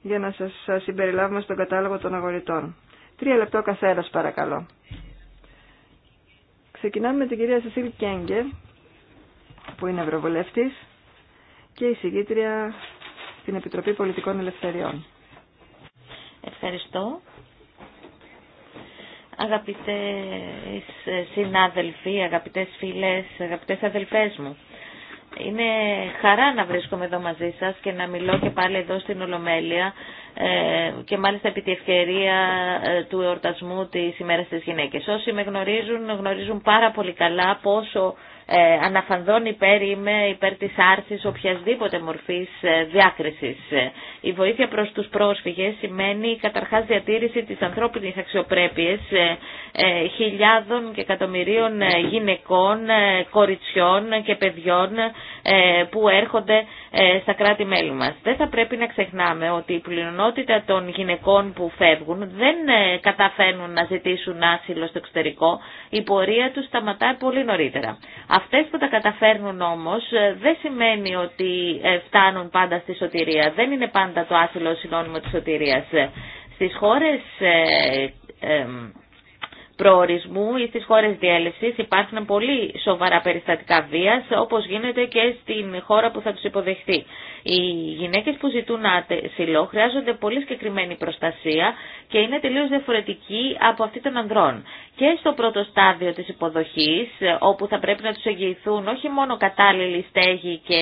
Speaker 1: για να σας συμπεριλάβουμε στον κατάλογο των αγορητών. Τρία λεπτό καθένας παρακαλώ. Ξεκινάμε με την κυρία Σεσίλ Κέγκε, που είναι ευρωβουλευτής και η εισηγήτρια στην Επιτροπή Πολιτικών Ελευθεριών.
Speaker 2: Ευχαριστώ. Αγαπητές συνάδελφοι, αγαπητές φίλες, αγαπητές αδελφές μου. Είναι χαρά να βρίσκομαι εδώ μαζί σας και να μιλώ και πάλι εδώ στην Ολομέλεια ε, και μάλιστα επί τη ευκαιρία ε, του εορτασμού της ημέρας της γυναίκες. Όσοι με γνωρίζουν, γνωρίζουν πάρα πολύ καλά πόσο ε, αναφανδόν υπέρ είμαι υπέρ της άρσης οποιασδήποτε μορφής ε, διάκρισης. Ε, η βοήθεια προς τους πρόσφυγες σημαίνει καταρχάς διατήρηση της ανθρώπινης αξιοπρέπειας ε, ε, χιλιάδων και εκατομμυρίων γυναικών, κοριτσιών και παιδιών που έρχονται στα κράτη-μέλη μας. Δεν θα πρέπει να ξεχνάμε ότι η πλειονότητα των γυναικών που φεύγουν δεν καταφέρνουν να ζητήσουν άσυλο στο εξωτερικό. Η πορεία τους σταματάει πολύ νωρίτερα. Αυτές που τα καταφέρνουν όμως ε, δεν σημαίνει ότι ε, φτάνουν πάντα στη σωτηρία. Δεν είναι πάντα το άθλο συνώνυμο της σωτηρίας. Ε, στις χώρες προορισμού ή στις χώρες διέλευσης υπάρχουν πολύ σοβαρά περιστατικά βίας όπως γίνεται και στην χώρα που θα τους υποδεχθεί. Οι γυναίκες που ζητούν άτεσιλο χρειάζονται πολύ συγκεκριμένη προστασία και είναι τελείως διαφορετική από αυτή των ανδρών. Και στο πρώτο στάδιο της υποδοχής όπου θα πρέπει να τους εγγυηθούν όχι μόνο κατάλληλοι στέγη και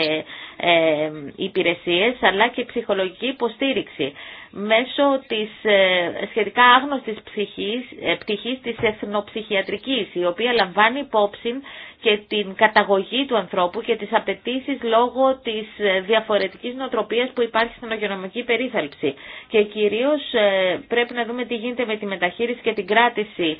Speaker 2: ε, υπηρεσίες αλλά και ψυχολογική υποστήριξη μέσω της ε, σχετικά άγνωστης ψυχής, ε, πτυχής της εθνοψυχιατρικής, η οποία λαμβάνει υπόψη και την καταγωγή του ανθρώπου και τις απαιτήσει λόγω της ε, διαφορετικής νοοτροπίας που υπάρχει στην ογειονομική περίθαλψη. Και κυρίως πρέπει να δούμε τι γίνεται με τη μεταχείριση και την κράτηση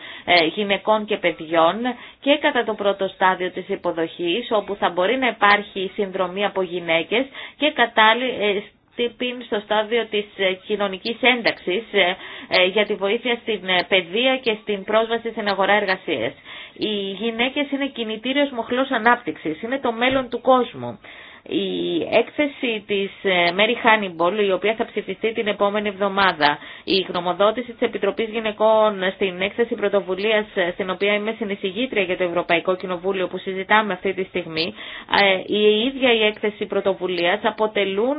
Speaker 2: γυναικών και παιδιών και κατά το πρώτο στάδιο της υποδοχής, όπου θα μπορεί να υπάρχει συνδρομή από γυναίκες και στο στάδιο της ε, κοινωνικής ένταξης ε, ε, για τη βοήθεια στην παιδεία και στην πρόσβαση στην αγορά εργασίας. Οι γυναίκες είναι κινητήριος μοχλός ανάπτυξης, είναι το μέλλον του κόσμου. Η έκθεση της ε, Mary Hannibal, η οποία θα ψηφιστεί την επόμενη εβδομάδα, η γνωμοδότηση της Επιτροπής Γυναικών στην έκθεση πρωτοβουλίας, ε, στην οποία είμαι συνεισηγήτρια για το Ευρωπαϊκό Κοινοβούλιο που συζητάμε αυτή τη στιγμή, ε, η ίδια η έκθεση πρωτοβουλίας αποτελούν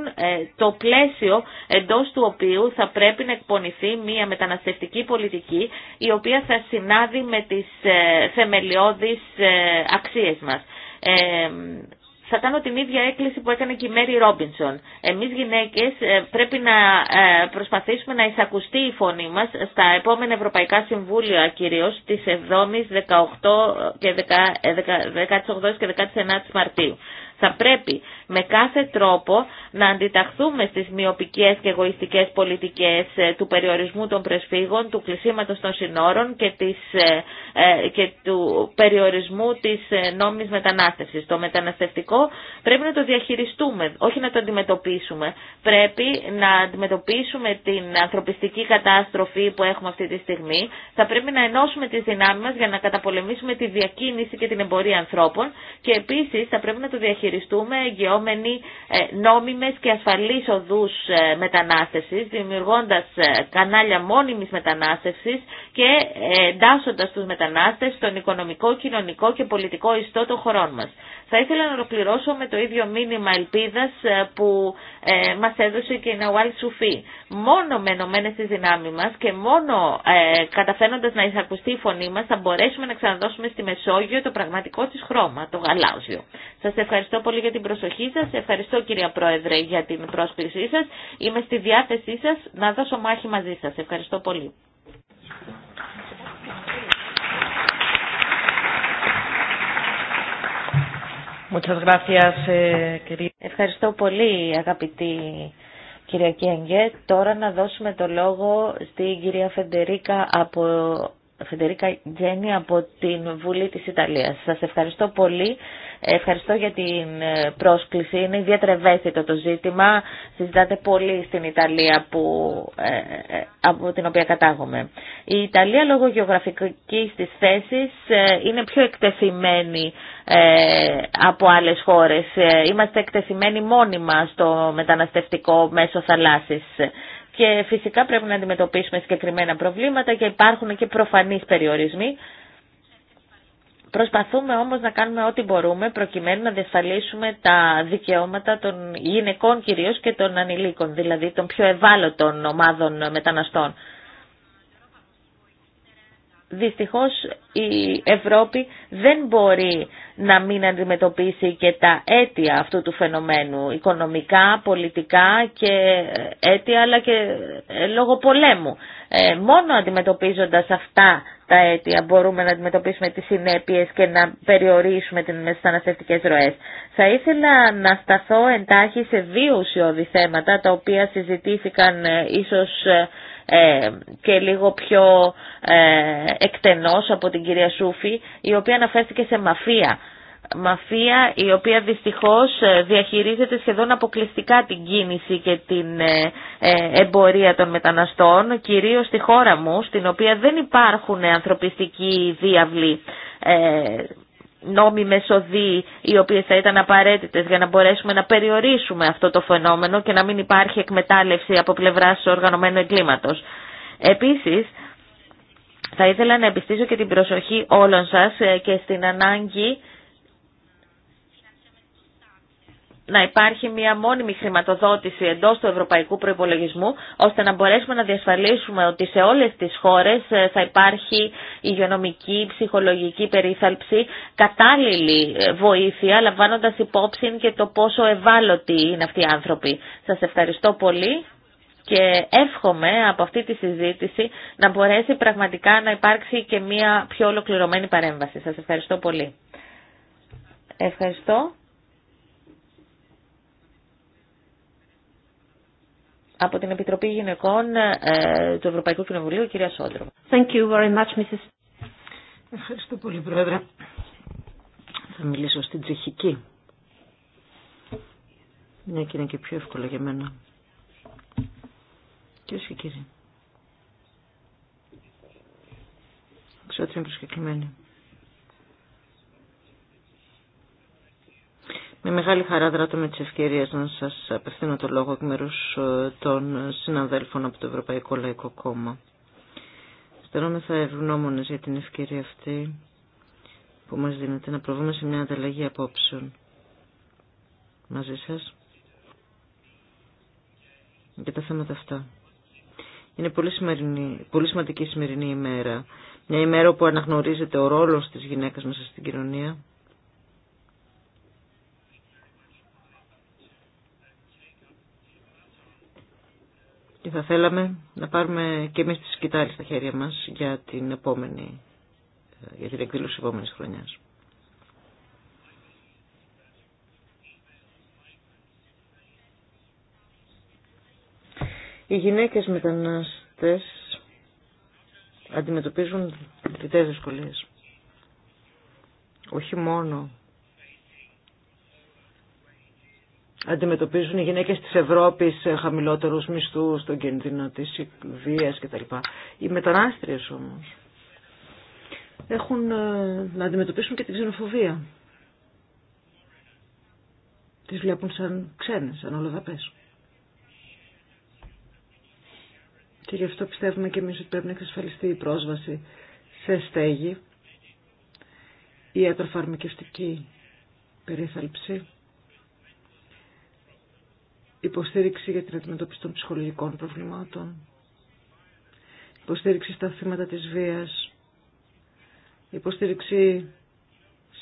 Speaker 2: το πλαίσιο εντός του οποίου θα πρέπει να εκπονηθεί μια μεταναστευτική πολιτική, η οποία θα συνάδει με τις θεμελιώδεις αξίες μας θα κάνω την ίδια έκκληση που έκανε και η Μέρι Ρόμπινσον. Εμείς γυναίκες ε, πρέπει να ε, προσπαθήσουμε να εισακουστεί η φωνή μας στα επόμενα Ευρωπαϊκά Συμβούλια κυρίως τις 7 18 και 18 ε, και 19 Μαρτίου. Θα πρέπει με κάθε τρόπο να αντιταχθούμε στις μειοπικές και εγωιστικές πολιτικές ε, του περιορισμού των προσφύγων, του κλεισίματος των συνόρων και, της, ε, ε, και του περιορισμού της νόμιμης μετανάστευσης. Το μεταναστευτικό πρέπει να το διαχειριστούμε, όχι να το αντιμετωπίσουμε. Πρέπει να αντιμετωπίσουμε την ανθρωπιστική κατάστροφη που έχουμε αυτή τη στιγμή. Θα πρέπει να ενώσουμε τις δυνάμεις μας για να καταπολεμήσουμε τη διακίνηση και την εμπορία ανθρώπων και επίσης θα πρέπει να το διαχειριστούμε διαχειριστούμε εγγυόμενοι ε, νόμιμες και ασφαλείς οδούς ε, μετανάστευσης, δημιουργώντας ε, κανάλια μόνιμης μετανάστευσης και εντάσσοντας τους μετανάστες στον οικονομικό, κοινωνικό και πολιτικό ιστό των χωρών μας. Θα ήθελα να ολοκληρώσω με το ίδιο μήνυμα ελπίδα ε, που ε, μας έδωσε και η Ναουάλ Σουφή. Μόνο με ενωμένε τι δυνάμεις μας και μόνο ε, να εισακουστεί η φωνή μα, θα μπορέσουμε να ξαναδώσουμε στη Μεσόγειο το πραγματικό της χρώμα, το γαλάζιο. Σας ευχαριστώ πολύ για την προσοχή σας, ευχαριστώ κυρία Πρόεδρε για την πρόσκλησή σα. Είμαι στη διάθεσή σα να δώσω μάχη μαζί σα. Ευχαριστώ πολύ. Eh, ευχαριστώ πολύ, αγαπητή κυρία Κιέγγε. Τώρα να δώσουμε το λόγο στην κυρία Φεντερίκα από Φεντερίκα από την Βουλή της Ιταλίας. Σας ευχαριστώ πολύ. Ευχαριστώ για την ε, πρόσκληση. Είναι ιδιαίτερα ευαίσθητο το ζήτημα. Συζητάτε πολύ στην Ιταλία που, ε, ε, από την οποία κατάγομαι. Η Ιταλία λόγω γεωγραφικής της θέσης είναι πιο εκτεθειμένη από άλλες χώρες. Είμαστε εκτεθειμένοι μόνιμα στο μεταναστευτικό μέσο θαλάσσης. Και φυσικά πρέπει να αντιμετωπίσουμε συγκεκριμένα προβλήματα και υπάρχουν και προφανείς περιορισμοί. Προσπαθούμε όμως να κάνουμε ό,τι μπορούμε προκειμένου να διασφαλίσουμε τα δικαιώματα των γυναικών κυρίως και των ανηλίκων, δηλαδή των πιο ευάλωτων ομάδων μεταναστών δυστυχώς η Ευρώπη δεν μπορεί να μην αντιμετωπίσει και τα αίτια αυτού του φαινομένου, οικονομικά, πολιτικά και αίτια αλλά και ε, λόγω πολέμου. Ε, μόνο αντιμετωπίζοντας αυτά τα αίτια μπορούμε να αντιμετωπίσουμε τις συνέπειες και να περιορίσουμε τις μεταναστευτικές ροές. Θα ήθελα να σταθώ εντάχει σε δύο ουσιώδη θέματα τα οποία συζητήθηκαν ε, ίσως ε, και λίγο πιο ε, εκτενός από την κυρία Σούφη, η οποία αναφέρθηκε σε μαφία. Μαφία η οποία δυστυχώς ε, διαχειρίζεται σχεδόν αποκλειστικά την κίνηση και την εμπορία των μεταναστών, κυρίως στη χώρα μου, στην οποία δεν υπάρχουν ανθρωπιστικοί διάβλοι νόμοι μεσοδοί οι οποίε θα ήταν απαραίτητε για να μπορέσουμε να περιορίσουμε αυτό το φαινόμενο και να μην υπάρχει εκμετάλλευση από πλευράς οργανωμένου εγκλήματο. Επίση, θα ήθελα να επιστήσω και την προσοχή όλων σα ε, και στην ανάγκη να υπάρχει μια μόνιμη χρηματοδότηση εντός του ευρωπαϊκού προϋπολογισμού, ώστε να μπορέσουμε να διασφαλίσουμε ότι σε όλες τις χώρες ε, θα υπάρχει υγειονομική, ψυχολογική περίθαλψη, κατάλληλη ε, βοήθεια, λαμβάνοντας υπόψη και το πόσο ευάλωτοι είναι αυτοί οι άνθρωποι. Σας ευχαριστώ πολύ και εύχομαι από αυτή τη συζήτηση να μπορέσει πραγματικά να υπάρξει και μια πιο ολοκληρωμένη παρέμβαση. Σας ευχαριστώ πολύ. Ευχαριστώ. από την Επιτροπή Γυναικών ε, του Ευρωπαϊκού Κοινοβουλίου, κυρία Σόντρο.
Speaker 3: Thank you very much, Mrs. Ευχαριστώ πολύ,
Speaker 4: Πρόεδρε.
Speaker 2: Θα μιλήσω στην Τσεχική.
Speaker 3: Ναι, και είναι και πιο εύκολο για μένα. Κυρίε και κύριοι. Ξέρω ότι είναι προσκεκλημένοι. Με μεγάλη χαρά δράτω με τις ευκαιρίες να σας απευθύνω το λόγο εκ μέρους ε, των συναδέλφων από το Ευρωπαϊκό Λαϊκό Κόμμα. Στερόμεθα ευγνώμονες για την ευκαιρία αυτή που μας δίνεται να προβούμε σε μια ανταλλαγή απόψεων μαζί σας για τα θέματα αυτά. Είναι πολύ, σημερινή, πολύ σημαντική η σημερινή ημέρα. Μια ημέρα που αναγνωρίζεται ο ρόλος της γυναίκας μέσα στην κοινωνία, θα θέλαμε να πάρουμε και εμείς τις σκητάλη στα χέρια μας για την επόμενη, για την εκδήλωση της επόμενης χρονιάς. Οι γυναίκες μετανάστες αντιμετωπίζουν διτές δυσκολίες. Όχι μόνο αντιμετωπίζουν οι γυναίκες της Ευρώπης χαμηλότερους μισθούς, τον κίνδυνο τη βία κτλ. Οι μετανάστριες όμως έχουν ε, να αντιμετωπίσουν και την ξενοφοβία. Τις βλέπουν σαν ξένες, σαν ολοδαπές. Και γι' αυτό πιστεύουμε και εμείς ότι πρέπει να εξασφαλιστεί η πρόσβαση σε στέγη, η ιατροφαρμακευτική περίθαλψη, υποστήριξη για την αντιμετώπιση των ψυχολογικών προβλημάτων, υποστήριξη στα θύματα της βίας, υποστήριξη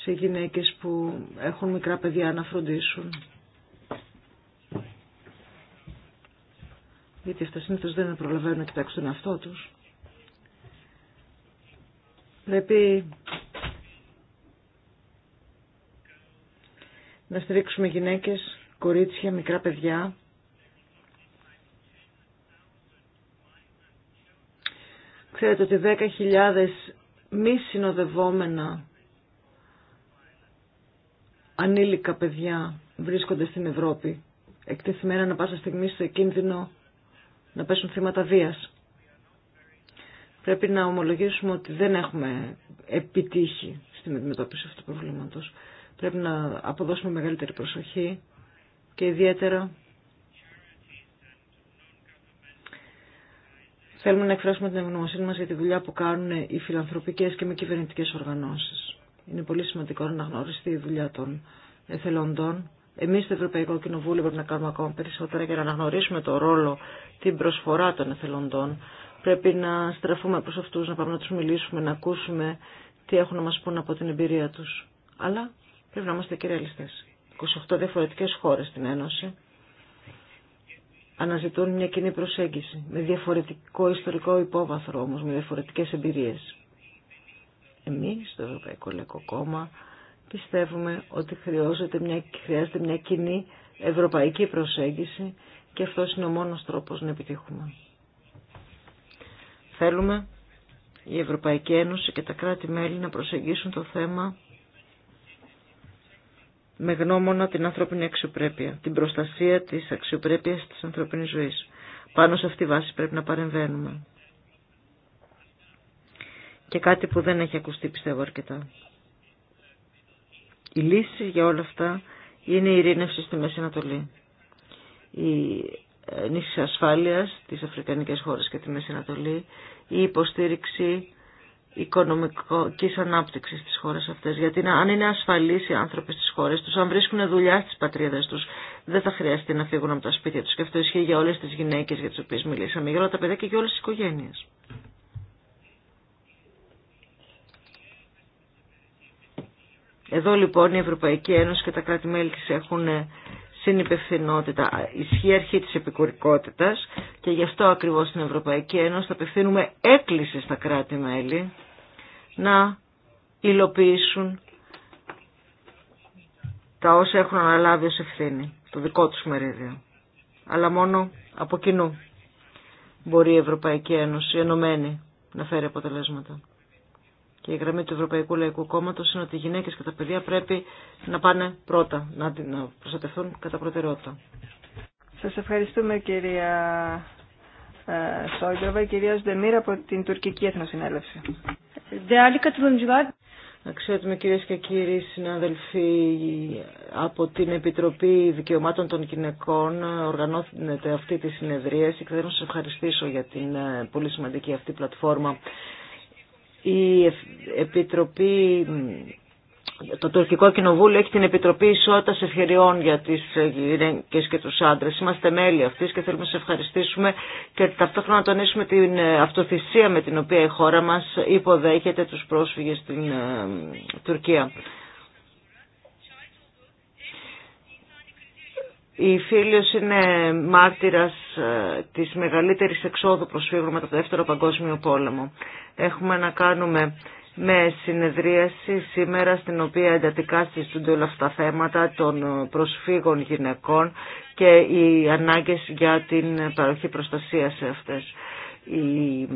Speaker 3: σε γυναίκες που έχουν μικρά παιδιά να φροντίσουν. Γιατί αυτά συνήθως δεν προλαβαίνουν να κοιτάξουν τον εαυτό τους. Πρέπει να στηρίξουμε γυναίκες κορίτσια, μικρά παιδιά. Ξέρετε ότι 10.000 μη συνοδευόμενα ανήλικα παιδιά βρίσκονται στην Ευρώπη, εκτεθειμένα να πάσα στιγμή στο κίνδυνο να πέσουν θύματα βίας. Πρέπει να ομολογήσουμε ότι δεν έχουμε επιτύχει στην αντιμετώπιση αυτού του προβλήματος. Πρέπει να αποδώσουμε μεγαλύτερη προσοχή και ιδιαίτερα θέλουμε να εκφράσουμε την ευγνωμοσύνη μας για τη δουλειά που κάνουν οι φιλανθρωπικές και μη κυβερνητικές οργανώσεις. Είναι πολύ σημαντικό να γνωριστεί η δουλειά των εθελοντών. Εμεί στο Ευρωπαϊκό Κοινοβούλιο πρέπει να κάνουμε ακόμα περισσότερα για να αναγνωρίσουμε το ρόλο, την προσφορά των εθελοντών. Πρέπει να στραφούμε προς αυτούς, να πάμε να τους μιλήσουμε, να ακούσουμε τι έχουν να μας πούν από την εμπειρία του. Αλλά πρέπει να είμαστε και 28 διαφορετικές χώρες στην Ένωση αναζητούν μια κοινή προσέγγιση με διαφορετικό ιστορικό υπόβαθρο όμως, με διαφορετικές εμπειρίες. Εμείς το Ευρωπαϊκό Λαϊκό Κόμμα πιστεύουμε ότι χρειάζεται μια, χρειάζεται μια κοινή ευρωπαϊκή προσέγγιση και αυτός είναι ο μόνος τρόπος να επιτύχουμε. Θέλουμε η Ευρωπαϊκή Ένωση και τα κράτη-μέλη να προσεγγίσουν το θέμα με γνώμονα την ανθρώπινη αξιοπρέπεια, την προστασία της αξιοπρέπειας της ανθρώπινης ζωής. Πάνω σε αυτή τη βάση πρέπει να παρεμβαίνουμε. Και κάτι που δεν έχει ακουστεί πιστεύω αρκετά. Η λύση για όλα αυτά είναι η ειρήνευση στη Μέση Ανατολή. Η νύχηση ασφάλειας στις Αφρικανικές χώρες και τη Μέση Ανατολή, η υποστήριξη Οικονομική ανάπτυξη στις χώρες αυτές. Γιατί αν είναι ασφαλείς οι άνθρωποι στις χώρες τους, αν βρίσκουν δουλειά στις πατρίδες τους, δεν θα χρειαστεί να φύγουν από τα σπίτια τους. Και αυτό ισχύει για όλες τις γυναίκες για τις οποίες μιλήσαμε, για όλα τα παιδιά και για όλες τις οικογένειες. Εδώ λοιπόν η Ευρωπαϊκή Ένωση και τα κράτη-μέλη της έχουν ε, συνυπευθυνότητα, ισχύει αρχή της επικουρικότητας και γι' αυτό ακριβώς στην Ευρωπαϊκή Ένωση θα απευθύνουμε έκκληση στα κράτη-μέλη να υλοποιήσουν τα όσα έχουν αναλάβει ως ευθύνη, το δικό τους μερίδιο. Αλλά μόνο από κοινού μπορεί η Ευρωπαϊκή Ένωση ενωμένη να φέρει αποτελέσματα. Και η γραμμή του Ευρωπαϊκού Λαϊκού Κόμματο είναι ότι οι γυναίκε και τα παιδιά πρέπει να πάνε πρώτα, να προστατευτούν κατά προτεραιότητα.
Speaker 1: Σα ευχαριστούμε κυρία ε, Σόιντροβα,
Speaker 3: η κυρία Σδεμίρα από την Τουρκική Εθνοσυνέλευση. ξέρετε, κυρίε και κύριοι συναδελφοί από την Επιτροπή Δικαιωμάτων των Γυναικών οργανώνεται αυτή τη συνεδρία. και θέλω να σα ευχαριστήσω για την ε, πολύ σημαντική αυτή πλατφόρμα. Η Επιτροπή το τουρκικό κοινοβούλιο έχει την Επιτροπή Ισότητα Ευκαιριών για τις γυναίκε και του άντρες. Είμαστε μέλη αυτή και θέλουμε να σε ευχαριστήσουμε και ταυτόχρονα να τονίσουμε την αυτοθυσία με την οποία η χώρα μας υποδέχεται τους πρόσφυγες στην ε, Τουρκία. Η Φίλιος είναι μάρτυρας ε, της μεγαλύτερης εξόδου προσφύγων μετά το Δεύτερο Παγκόσμιο Πόλεμο. Έχουμε να κάνουμε με συνεδρίαση σήμερα στην οποία εντατικά συζητούνται όλα αυτά τα θέματα των προσφύγων γυναικών και οι ανάγκες για την παροχή προστασία σε αυτές. Η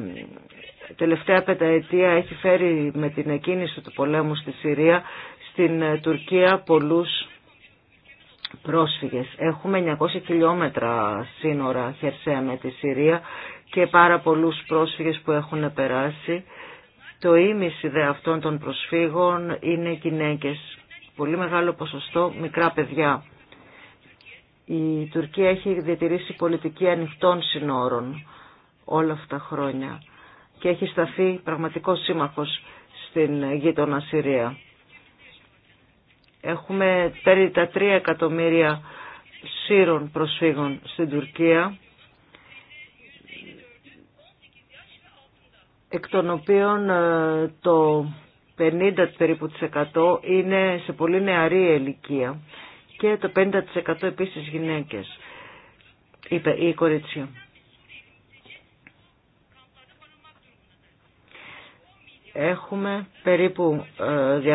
Speaker 3: τελευταία πενταετία έχει φέρει με την εκκίνηση του πολέμου στη Συρία στην Τουρκία πολλούς πρόσφυγες. Έχουμε 900 χιλιόμετρα σύνορα χερσαία με τη Συρία και πάρα πολλούς πρόσφυγες που έχουν περάσει το ίμιση δε αυτών των προσφύγων είναι γυναίκες. Πολύ μεγάλο ποσοστό μικρά παιδιά. Η Τουρκία έχει διατηρήσει πολιτική ανοιχτών συνόρων όλα αυτά τα χρόνια και έχει σταθεί πραγματικό σύμμαχος στην γείτονα Συρία. Έχουμε περί τα 3 εκατομμύρια Σύρων προσφύγων στην Τουρκία εκ των οποίων ε, το 50% περίπου είναι σε πολύ νεαρή ηλικία και το 50% επίσης γυναίκες, είπε η κορίτσια. Έχουμε περίπου 200.000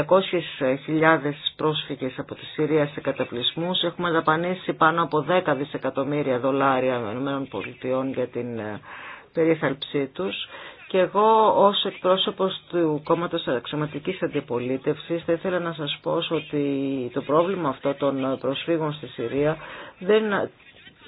Speaker 3: ε, πρόσφυγες από τη Συρία σε καταπλησμούς. Έχουμε δαπανίσει πάνω από 10 δισεκατομμύρια δολάρια ΗΠΑ για την ε, περίθαλψή τους και εγώ ως εκπρόσωπος του κόμματος αξιωματικής αντιπολίτευσης θα ήθελα να σας πω ότι το πρόβλημα αυτό των προσφύγων στη Συρία δεν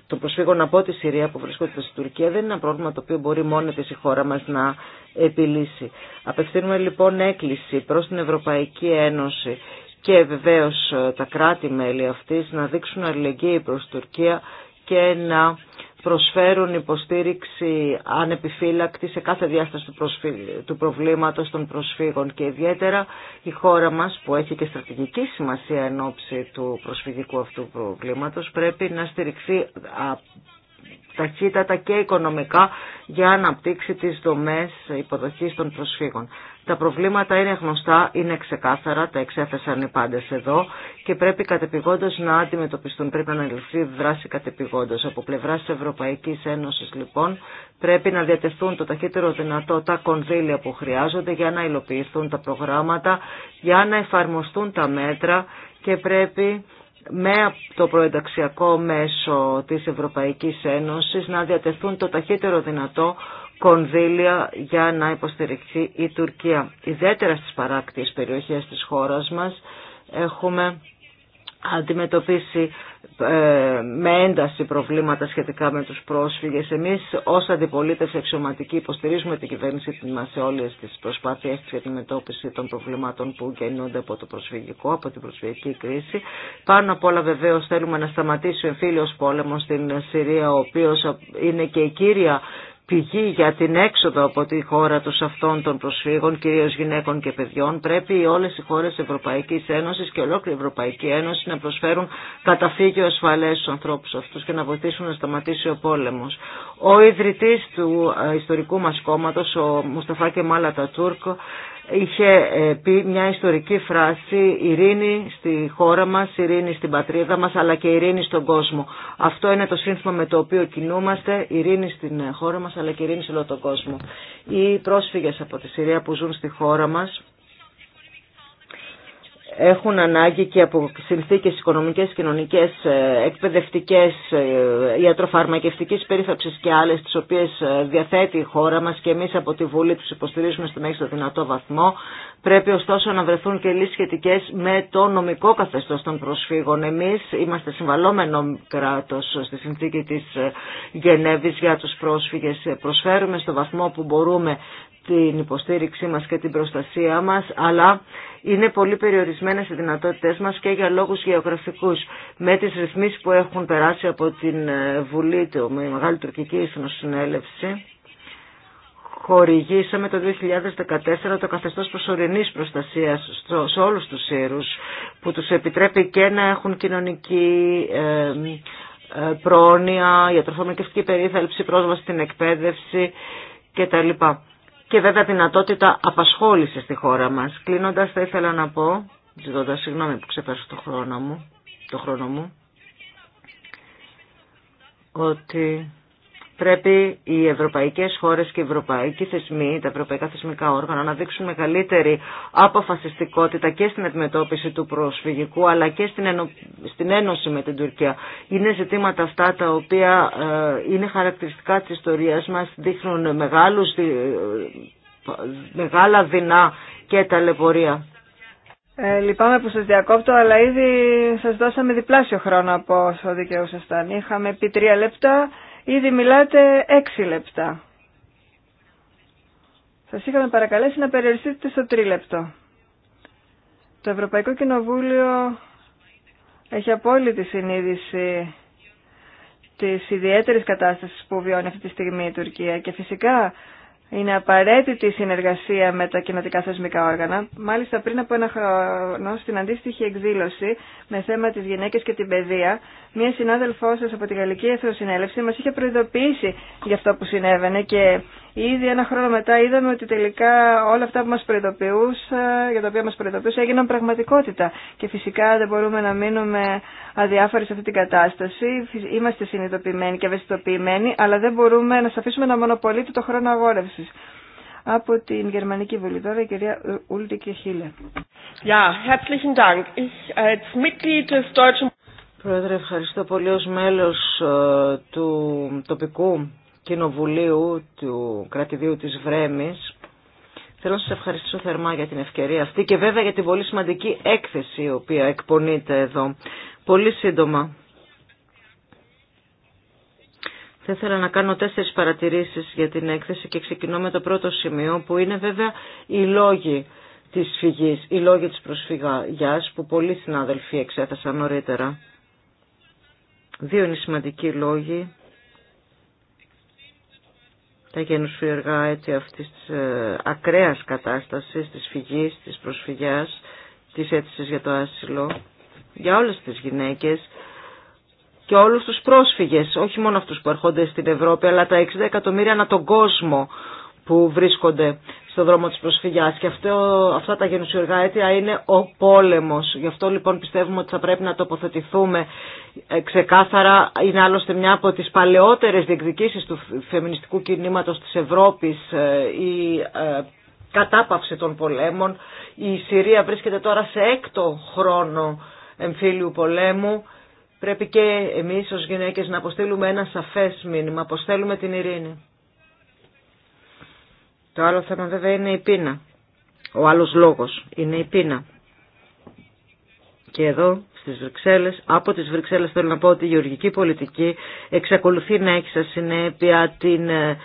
Speaker 3: το προσφύγων από τη Συρία που βρίσκονται στην Τουρκία δεν είναι ένα πρόβλημα το οποίο μπορεί μόνη της η χώρα μας να επιλύσει. Απευθύνουμε λοιπόν έκκληση προς την Ευρωπαϊκή Ένωση και βεβαίως τα κράτη-μέλη αυτής να δείξουν αλληλεγγύη προς Τουρκία και να προσφέρουν υποστήριξη ανεπιφύλακτη σε κάθε διάσταση του προβλήματος των προσφύγων και ιδιαίτερα η χώρα μας που έχει και στρατηγική σημασία εν ώψη του προσφυγικού αυτού προβλήματος πρέπει να στηριχθεί ταχύτατα και οικονομικά για να αναπτύξει τις δομές υποδοχής των προσφύγων. Τα προβλήματα είναι γνωστά, είναι ξεκάθαρα, τα εξέθεσαν οι πάντε εδώ και πρέπει κατεπηγόντω να αντιμετωπιστούν. Πρέπει να αναλυθεί δράση κατεπηγόντω. Από πλευρά τη Ευρωπαϊκή Ένωση, λοιπόν, πρέπει να διατεθούν το ταχύτερο δυνατό τα κονδύλια που χρειάζονται για να υλοποιηθούν τα προγράμματα, για να εφαρμοστούν τα μέτρα και πρέπει με το προενταξιακό μέσο της Ευρωπαϊκής Ένωσης να διατεθούν το ταχύτερο δυνατό κονδύλια για να υποστηριχθεί η Τουρκία. Ιδιαίτερα στις παράκτιες περιοχές της χώρας μας έχουμε αντιμετωπίσει ε, με ένταση προβλήματα σχετικά με τους πρόσφυγες. Εμείς ως αντιπολίτες εξωματική υποστηρίζουμε την κυβέρνηση μας σε όλες τις προσπάθειες για την μετώπιση των προβλημάτων που γεννούνται από το προσφυγικό, από την προσφυγική κρίση. Πάνω απ' όλα βεβαίως θέλουμε να σταματήσει ο εμφύλιος πόλεμος στην Συρία, ο οποίος είναι και η κύρια πηγή για την έξοδο από τη χώρα τους αυτών των προσφύγων, κυρίως γυναίκων και παιδιών, πρέπει όλες οι χώρες Ευρωπαϊκής Ένωσης και ολόκληρη Ευρωπαϊκή Ένωση να προσφέρουν καταφύγιο ασφαλές στους ανθρώπους αυτούς και να βοηθήσουν να σταματήσει ο πόλεμος. Ο ιδρυτής του ε, ιστορικού μας κόμματος, ο Μουσταφά Μάλατα Τατούρκο, είχε ε, πει μια ιστορική φράση «Ειρήνη στη χώρα μας, ειρήνη στην πατρίδα μας, αλλά και ειρήνη στον κόσμο». Αυτό είναι το σύνθημα με το οποίο κινούμαστε, ειρήνη στην ε, χώρα μας, αλλά και ειρήνη σε όλο τον κόσμο. Οι πρόσφυγες από τη Συρία που ζουν στη χώρα μας, έχουν ανάγκη και από συνθήκες οικονομικές, κοινωνικές, ε, εκπαιδευτικές, ε, ιατροφαρμακευτικής περίθαψης και άλλες τις οποίες ε, διαθέτει η χώρα μας και εμείς από τη Βουλή τους υποστηρίζουμε στο μέγιστο δυνατό βαθμό. Πρέπει ωστόσο να βρεθούν και λύσεις σχετικές με το νομικό καθεστώς των προσφύγων. Εμείς είμαστε συμβαλόμενο κράτος στη συνθήκη της Γενέβης για τους πρόσφυγες. Προσφέρουμε στο βαθμό που μπορούμε την υποστήριξή μας και την προστασία μας, αλλά είναι πολύ περιορισμένες οι δυνατότητές μας και για λόγους γεωγραφικούς. Με τις ρυθμίσεις που έχουν περάσει από την ε, Βουλή, η Μεγάλη Τουρκική συνοσυνέλευση. χορηγήσαμε το 2014 το καθεστώς προσωρινής προστασίας σε όλους τους Σύρους, που τους επιτρέπει και να έχουν κοινωνική ε, πρόνοια, ιατροφαρμακευτική περίθαλψη, πρόσβαση στην εκπαίδευση κτλ και βέβαια δυνατότητα απασχόληση στη χώρα μας. Κλείνοντας θα ήθελα να πω, ζητώντα συγγνώμη που ξεπέρασα το χρόνο μου, το χρόνο μου ότι πρέπει οι ευρωπαϊκές χώρες και οι ευρωπαϊκοί θεσμοί, τα ευρωπαϊκά θεσμικά όργανα να δείξουν μεγαλύτερη αποφασιστικότητα και στην αντιμετώπιση του προσφυγικού αλλά και στην, στην ένωση με την Τουρκία. Είναι ζητήματα αυτά τα οποία ε, είναι χαρακτηριστικά της ιστορίας μας, δείχνουν μεγάλους, ε, μεγάλα δεινά και ταλαιπωρία.
Speaker 1: Ε, λυπάμαι που σας διακόπτω, αλλά ήδη σας δώσαμε διπλάσιο χρόνο από όσο δικαιούσασταν. Είχαμε πει τρία λεπτά, Ήδη μιλάτε έξι λεπτά. Σας είχαμε παρακαλέσει να περιοριστείτε στο τρίλεπτο. Το Ευρωπαϊκό Κοινοβούλιο έχει απόλυτη συνείδηση της ιδιαίτερης κατάστασης που βιώνει αυτή τη στιγμή η Τουρκία και φυσικά είναι απαραίτητη η συνεργασία με τα κοινοτικά θεσμικά όργανα. Μάλιστα πριν από ένα χρόνο στην αντίστοιχη εκδήλωση με θέμα τις γυναίκες και την παιδεία, μία συνάδελφός σας από τη Γαλλική Εθνοσυνέλευση μας είχε προειδοποιήσει για αυτό που συνέβαινε και Ήδη ένα χρόνο μετά είδαμε ότι τελικά όλα αυτά που μας προειδοποιούσαν, για τα οποία μας προειδοποιούσαν, έγιναν πραγματικότητα. Και φυσικά δεν μπορούμε να μείνουμε αδιάφοροι σε αυτή την κατάσταση. Είμαστε συνειδητοποιημένοι και ευαισθητοποιημένοι, αλλά δεν μπορούμε να αφήσουμε να μονοπολείτε το χρόνο αγόρευσης. Από την Γερμανική Βουλή τώρα, η κυρία και Χίλε.
Speaker 3: Πρόεδρε, ευχαριστώ πολύ ως μέλος ε, του τοπικού Κοινοβουλίου του κρατηδίου της Βρέμης. Θέλω να σας ευχαριστήσω θερμά για την ευκαιρία αυτή και βέβαια για την πολύ σημαντική έκθεση η οποία εκπονείται εδώ. Πολύ σύντομα. Θα ήθελα να κάνω τέσσερις παρατηρήσεις για την έκθεση και ξεκινώ με το πρώτο σημείο που είναι βέβαια οι λόγοι της φυγής, οι λόγοι της προσφυγιάς που πολλοί συνάδελφοι εξέθεσαν νωρίτερα. Δύο είναι σημαντικοί λόγοι τα γίνουν έτσι αυτής της ε, ακραίας κατάστασης, της φυγής, της προσφυγιάς, της αίτηση για το άσυλο, για όλες τις γυναίκες και όλους τους πρόσφυγες, όχι μόνο αυτούς που έρχονται στην Ευρώπη, αλλά τα 60 εκατομμύρια ανά τον κόσμο που βρίσκονται στο δρόμο της προσφυγιάς και αυτό, αυτά τα γενουσιοργά αίτια είναι ο πόλεμος. Γι' αυτό λοιπόν πιστεύουμε ότι θα πρέπει να τοποθετηθούμε ε, ξεκάθαρα. Είναι άλλωστε μια από τις παλαιότερες διεκδικήσεις του φεμινιστικού κινήματος της Ευρώπης ε, η ε, κατάπαυση των πολέμων. Η Συρία βρίσκεται τώρα σε έκτο χρόνο εμφύλιου πολέμου. Πρέπει και εμείς ως γυναίκες να αποστείλουμε ένα σαφές μήνυμα, αποστέλουμε την ειρήνη. Το άλλο θέμα βέβαια είναι η πείνα. Ο άλλος λόγος είναι η πείνα. Και εδώ στις Βρυξέλλες, από τις Βρυξέλλες θέλω να πω ότι η γεωργική πολιτική εξακολουθεί να έχει σαν συνέπεια την ε,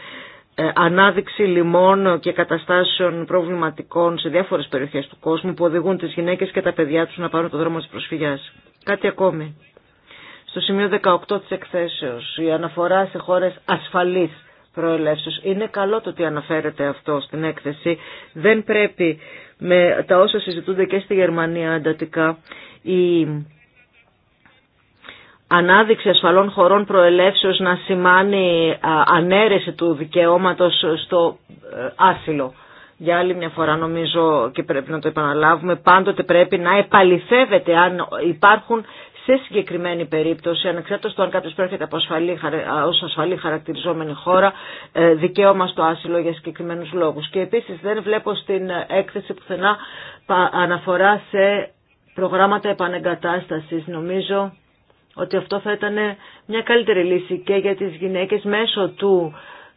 Speaker 3: ε, ανάδειξη λιμών και καταστάσεων προβληματικών σε διάφορες περιοχές του κόσμου που οδηγούν τις γυναίκες και τα παιδιά τους να πάρουν το δρόμο της προσφυγιάς. Κάτι ακόμη. Στο σημείο 18 της εκθέσεως, η αναφορά σε χώρες ασφαλής προελεύσεως. Είναι καλό το ότι αναφέρεται αυτό στην έκθεση. Δεν πρέπει με τα όσα συζητούνται και στη Γερμανία εντατικά η ανάδειξη ασφαλών χωρών προελεύσεως να σημάνει ανέρεση του δικαιώματος στο ε, άσυλο. Για άλλη μια φορά νομίζω και πρέπει να το επαναλάβουμε, πάντοτε πρέπει να επαληθεύεται αν υπάρχουν σε συγκεκριμένη περίπτωση, ανεξάρτητος του αν κάποιος πρόκειται από ασφαλή, ως ασφαλή χαρακτηριζόμενη χώρα, ε, δικαίωμα στο άσυλο για συγκεκριμένου λόγους. Και επίσης δεν βλέπω στην έκθεση πουθενά αναφορά σε προγράμματα επανεγκατάστασης. Νομίζω ότι αυτό θα ήταν μια καλύτερη λύση και για τις γυναίκε μέσω του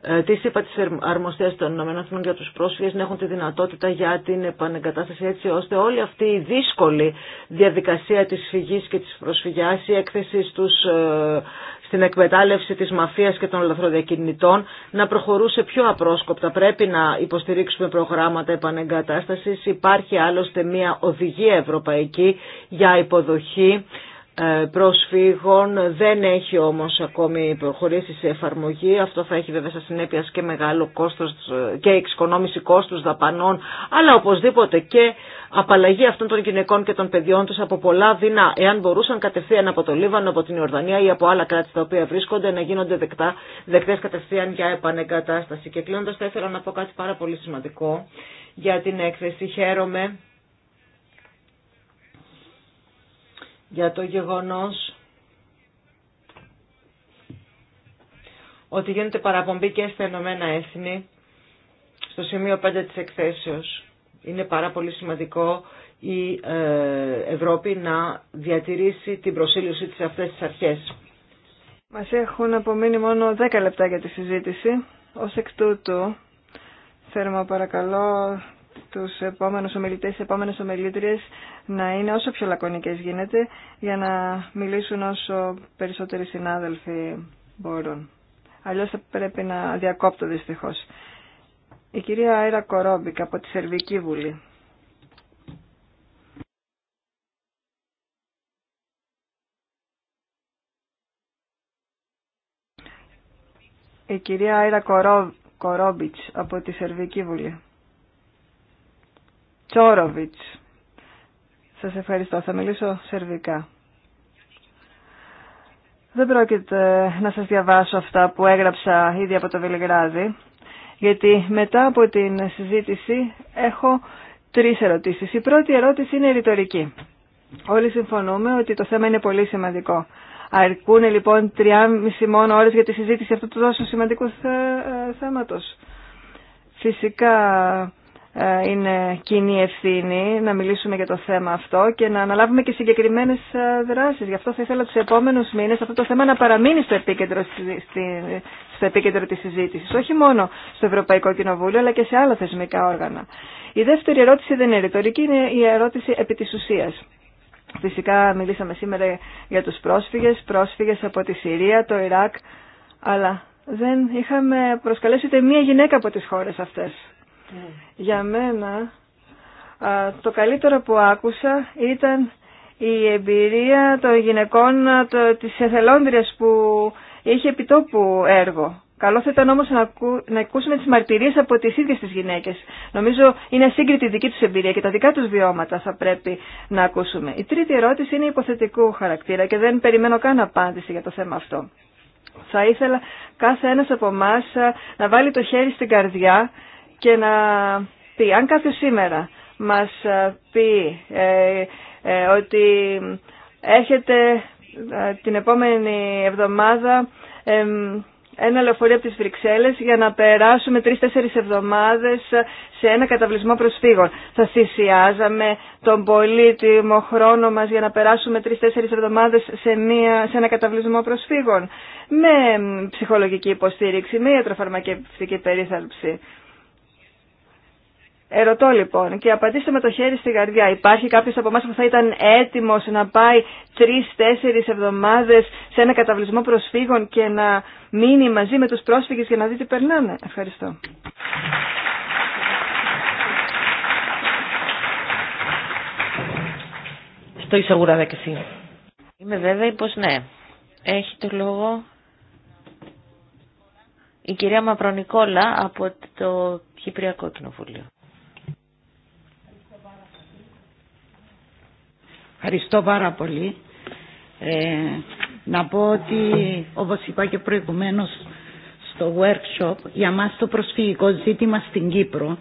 Speaker 3: ε, τι είπα τι αρμοστές των ΗΠΑ για του πρόσφυγες να έχουν τη δυνατότητα για την επανεγκατάσταση έτσι ώστε όλη αυτή η δύσκολη διαδικασία της φυγής και της προσφυγιάς, η έκθεση ε, στην εκμετάλλευση της μαφίας και των λαθροδιακινητών να προχωρούσε πιο απρόσκοπτα. Πρέπει να υποστηρίξουμε προγράμματα επανεγκατάσταση. Υπάρχει άλλωστε μια οδηγία ευρωπαϊκή για υποδοχή ε, προσφύγων δεν έχει όμως ακόμη προχωρήσει σε εφαρμογή. Αυτό θα έχει βέβαια σε συνέπεια και μεγάλο κόστος και εξοικονόμηση κόστους δαπανών αλλά οπωσδήποτε και απαλλαγή αυτών των γυναικών και των παιδιών τους από πολλά δεινά εάν μπορούσαν κατευθείαν από το Λίβανο, από την Ιορδανία ή από άλλα κράτη τα οποία βρίσκονται να γίνονται δεκτά, δεκτές κατευθείαν για επανεγκατάσταση. Και κλείνοντας θα ήθελα να πω κάτι πάρα πολύ σημαντικό για την έκθεση. Χαίρομαι για το γεγονός ότι γίνεται παραπομπή και στα Ηνωμένα Έθνη στο σημείο 5 της εκθέσεως. Είναι πάρα πολύ σημαντικό η ε, Ευρώπη να διατηρήσει την προσήλωσή της αυτές τις αρχές. Μας έχουν απομείνει μόνο 10 λεπτά για τη συζήτηση. Ως εκ τούτου,
Speaker 1: θέλουμε παρακαλώ τους επόμενους ομιλητές, τις επόμενες ομιλήτριες να είναι όσο πιο λακωνικές γίνεται για να μιλήσουν όσο περισσότεροι συνάδελφοι μπορούν. Αλλιώς θα πρέπει να διακόπτω δυστυχώς. Η κυρία Άιρα Κορόμπικ από τη Σερβική Βουλή. Η κυρία Άιρα Κορόμπιτς από τη Σερβική Βουλή. Τσόροβιτς. Σας ευχαριστώ. Θα μιλήσω σερβικά. Δεν πρόκειται να σας διαβάσω αυτά που έγραψα ήδη από το Βελιγράδι, γιατί μετά από την συζήτηση έχω τρεις ερωτήσεις. Η πρώτη ερώτηση είναι ρητορική. Όλοι συμφωνούμε ότι το θέμα είναι πολύ σημαντικό. Αρκούν λοιπόν τριάμιση μόνο ώρες για τη συζήτηση αυτού του τόσο σημαντικού ε, θέματος. Φυσικά ε, είναι κοινή ευθύνη να μιλήσουμε για το θέμα αυτό και να αναλάβουμε και συγκεκριμένες ε, δράσεις. Γι' αυτό θα ήθελα τους επόμενους μήνες αυτό το θέμα να παραμείνει στο επίκεντρο, στο επίκεντρο της συζήτησης. Όχι μόνο στο Ευρωπαϊκό Κοινοβούλιο αλλά και σε άλλα θεσμικά όργανα. Η δεύτερη ερώτηση δεν είναι ρητορική, είναι η ερώτηση επί της ουσίας. Φυσικά μιλήσαμε σήμερα για τους πρόσφυγες, πρόσφυγες από τη Συρία, το Ιράκ, αλλά δεν είχαμε προσκαλέσει ούτε μία γυναίκα από τι χώρες αυτές. Για μένα το καλύτερο που άκουσα ήταν η εμπειρία των γυναικών της εθελόντριας που είχε επιτόπου έργο. Καλό θα ήταν όμως να, να ακούσουμε τις μαρτυρίες από τις ίδιες τις γυναίκες. Νομίζω είναι σύγκριτη δική τους εμπειρία και τα δικά τους βιώματα θα πρέπει να ακούσουμε. Η τρίτη ερώτηση είναι υποθετικού χαρακτήρα και δεν περιμένω καν απάντηση για το θέμα αυτό. Θα ήθελα κάθε ένας από εμά να βάλει το χέρι στην καρδιά και να πει, αν κάποιο σήμερα μας ε, πει ε, ε, ότι έχετε ε, την επόμενη εβδομάδα ένα λεωφορείο από τις Βρυξέλλες για να περάσουμε τρεις-τέσσερις εβδομάδες σε ένα καταβλισμό προσφύγων. Θα θυσιάζαμε τον πολύτιμο χρόνο μας για να περάσουμε τρεις-τέσσερις εβδομάδες σε, μια, σε ένα καταβλισμό προσφύγων με ψυχολογική υποστήριξη, με ιατροφαρμακευτική περίθαλψη. Ερωτώ λοιπόν και απαντήστε με το χέρι στη καρδιά. Υπάρχει κάποιο από εμά που θα ήταν έτοιμο να πάει τρει-τέσσερι εβδομάδε σε ένα καταβλισμό προσφύγων και να μείνει μαζί με του πρόσφυγε για να δει τι περνάνε. Ευχαριστώ.
Speaker 2: Στο Ισαγουρά Είμαι βέβαιη πω ναι. Έχει το λόγο η κυρία Μαπρονικόλα από το
Speaker 4: Κυπριακό Κοινοβούλιο. Ευχαριστώ πάρα πολύ. Ε, να πω ότι, όπως είπα και προηγουμένως στο workshop, για μας το προσφυγικό ζήτημα στην Κύπρο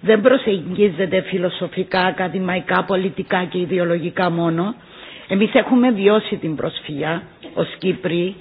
Speaker 4: δεν προσεγγίζεται φιλοσοφικά, ακαδημαϊκά, πολιτικά και ιδεολογικά μόνο. Εμείς έχουμε βιώσει την προσφυγιά ως Κύπροι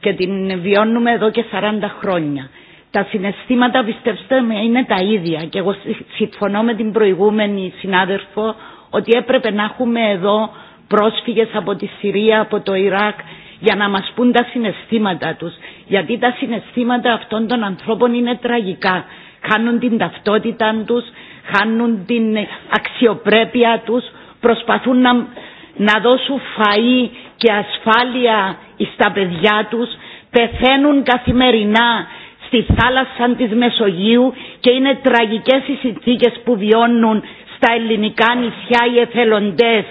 Speaker 4: και την βιώνουμε εδώ και 40 χρόνια. Τα συναισθήματα, πιστεύστε με, είναι τα ίδια και εγώ συμφωνώ με την προηγούμενη συνάδελφο ότι έπρεπε να έχουμε εδώ πρόσφυγες από τη Συρία, από το Ιράκ, για να μας πούν τα συναισθήματα τους. Γιατί τα συναισθήματα αυτών των ανθρώπων είναι τραγικά. Χάνουν την ταυτότητα τους, χάνουν την αξιοπρέπεια τους, προσπαθούν να, να δώσουν φαΐ και ασφάλεια στα παιδιά τους, πεθαίνουν καθημερινά στη θάλασσα της Μεσογείου και είναι τραγικές οι συνθήκες που βιώνουν στα ελληνικά νησιά οι εθελοντές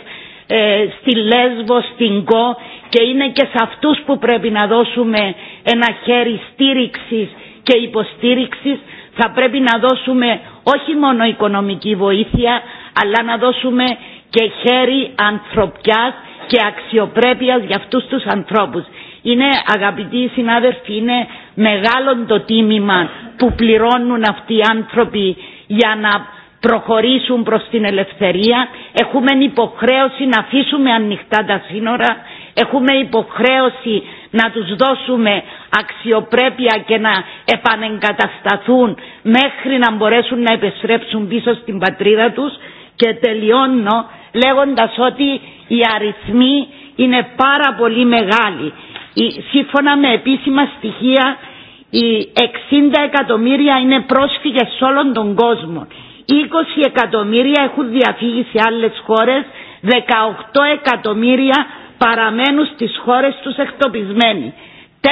Speaker 4: ε, στη Λέσβο, στην ΚΟ και είναι και σε αυτούς που πρέπει να δώσουμε ένα χέρι στήριξης και υποστήριξης θα πρέπει να δώσουμε όχι μόνο οικονομική βοήθεια αλλά να δώσουμε και χέρι ανθρωπιάς και αξιοπρέπειας για αυτούς τους ανθρώπους. Είναι αγαπητοί συνάδελφοι, είναι μεγάλο το τίμημα που πληρώνουν αυτοί οι άνθρωποι για να προχωρήσουν προς την ελευθερία, έχουμε υποχρέωση να αφήσουμε ανοιχτά τα σύνορα, έχουμε υποχρέωση να τους δώσουμε αξιοπρέπεια και να επανεγκατασταθούν μέχρι να μπορέσουν να επιστρέψουν πίσω στην πατρίδα τους και τελειώνω λέγοντας ότι οι αριθμοί είναι πάρα πολύ μεγάλοι. Σύμφωνα με επίσημα στοιχεία, οι 60 εκατομμύρια είναι πρόσφυγες σε όλον τον κόσμο. 20 εκατομμύρια έχουν διαφύγει σε άλλες χώρες, 18 εκατομμύρια παραμένουν στις χώρες τους εκτοπισμένοι. 4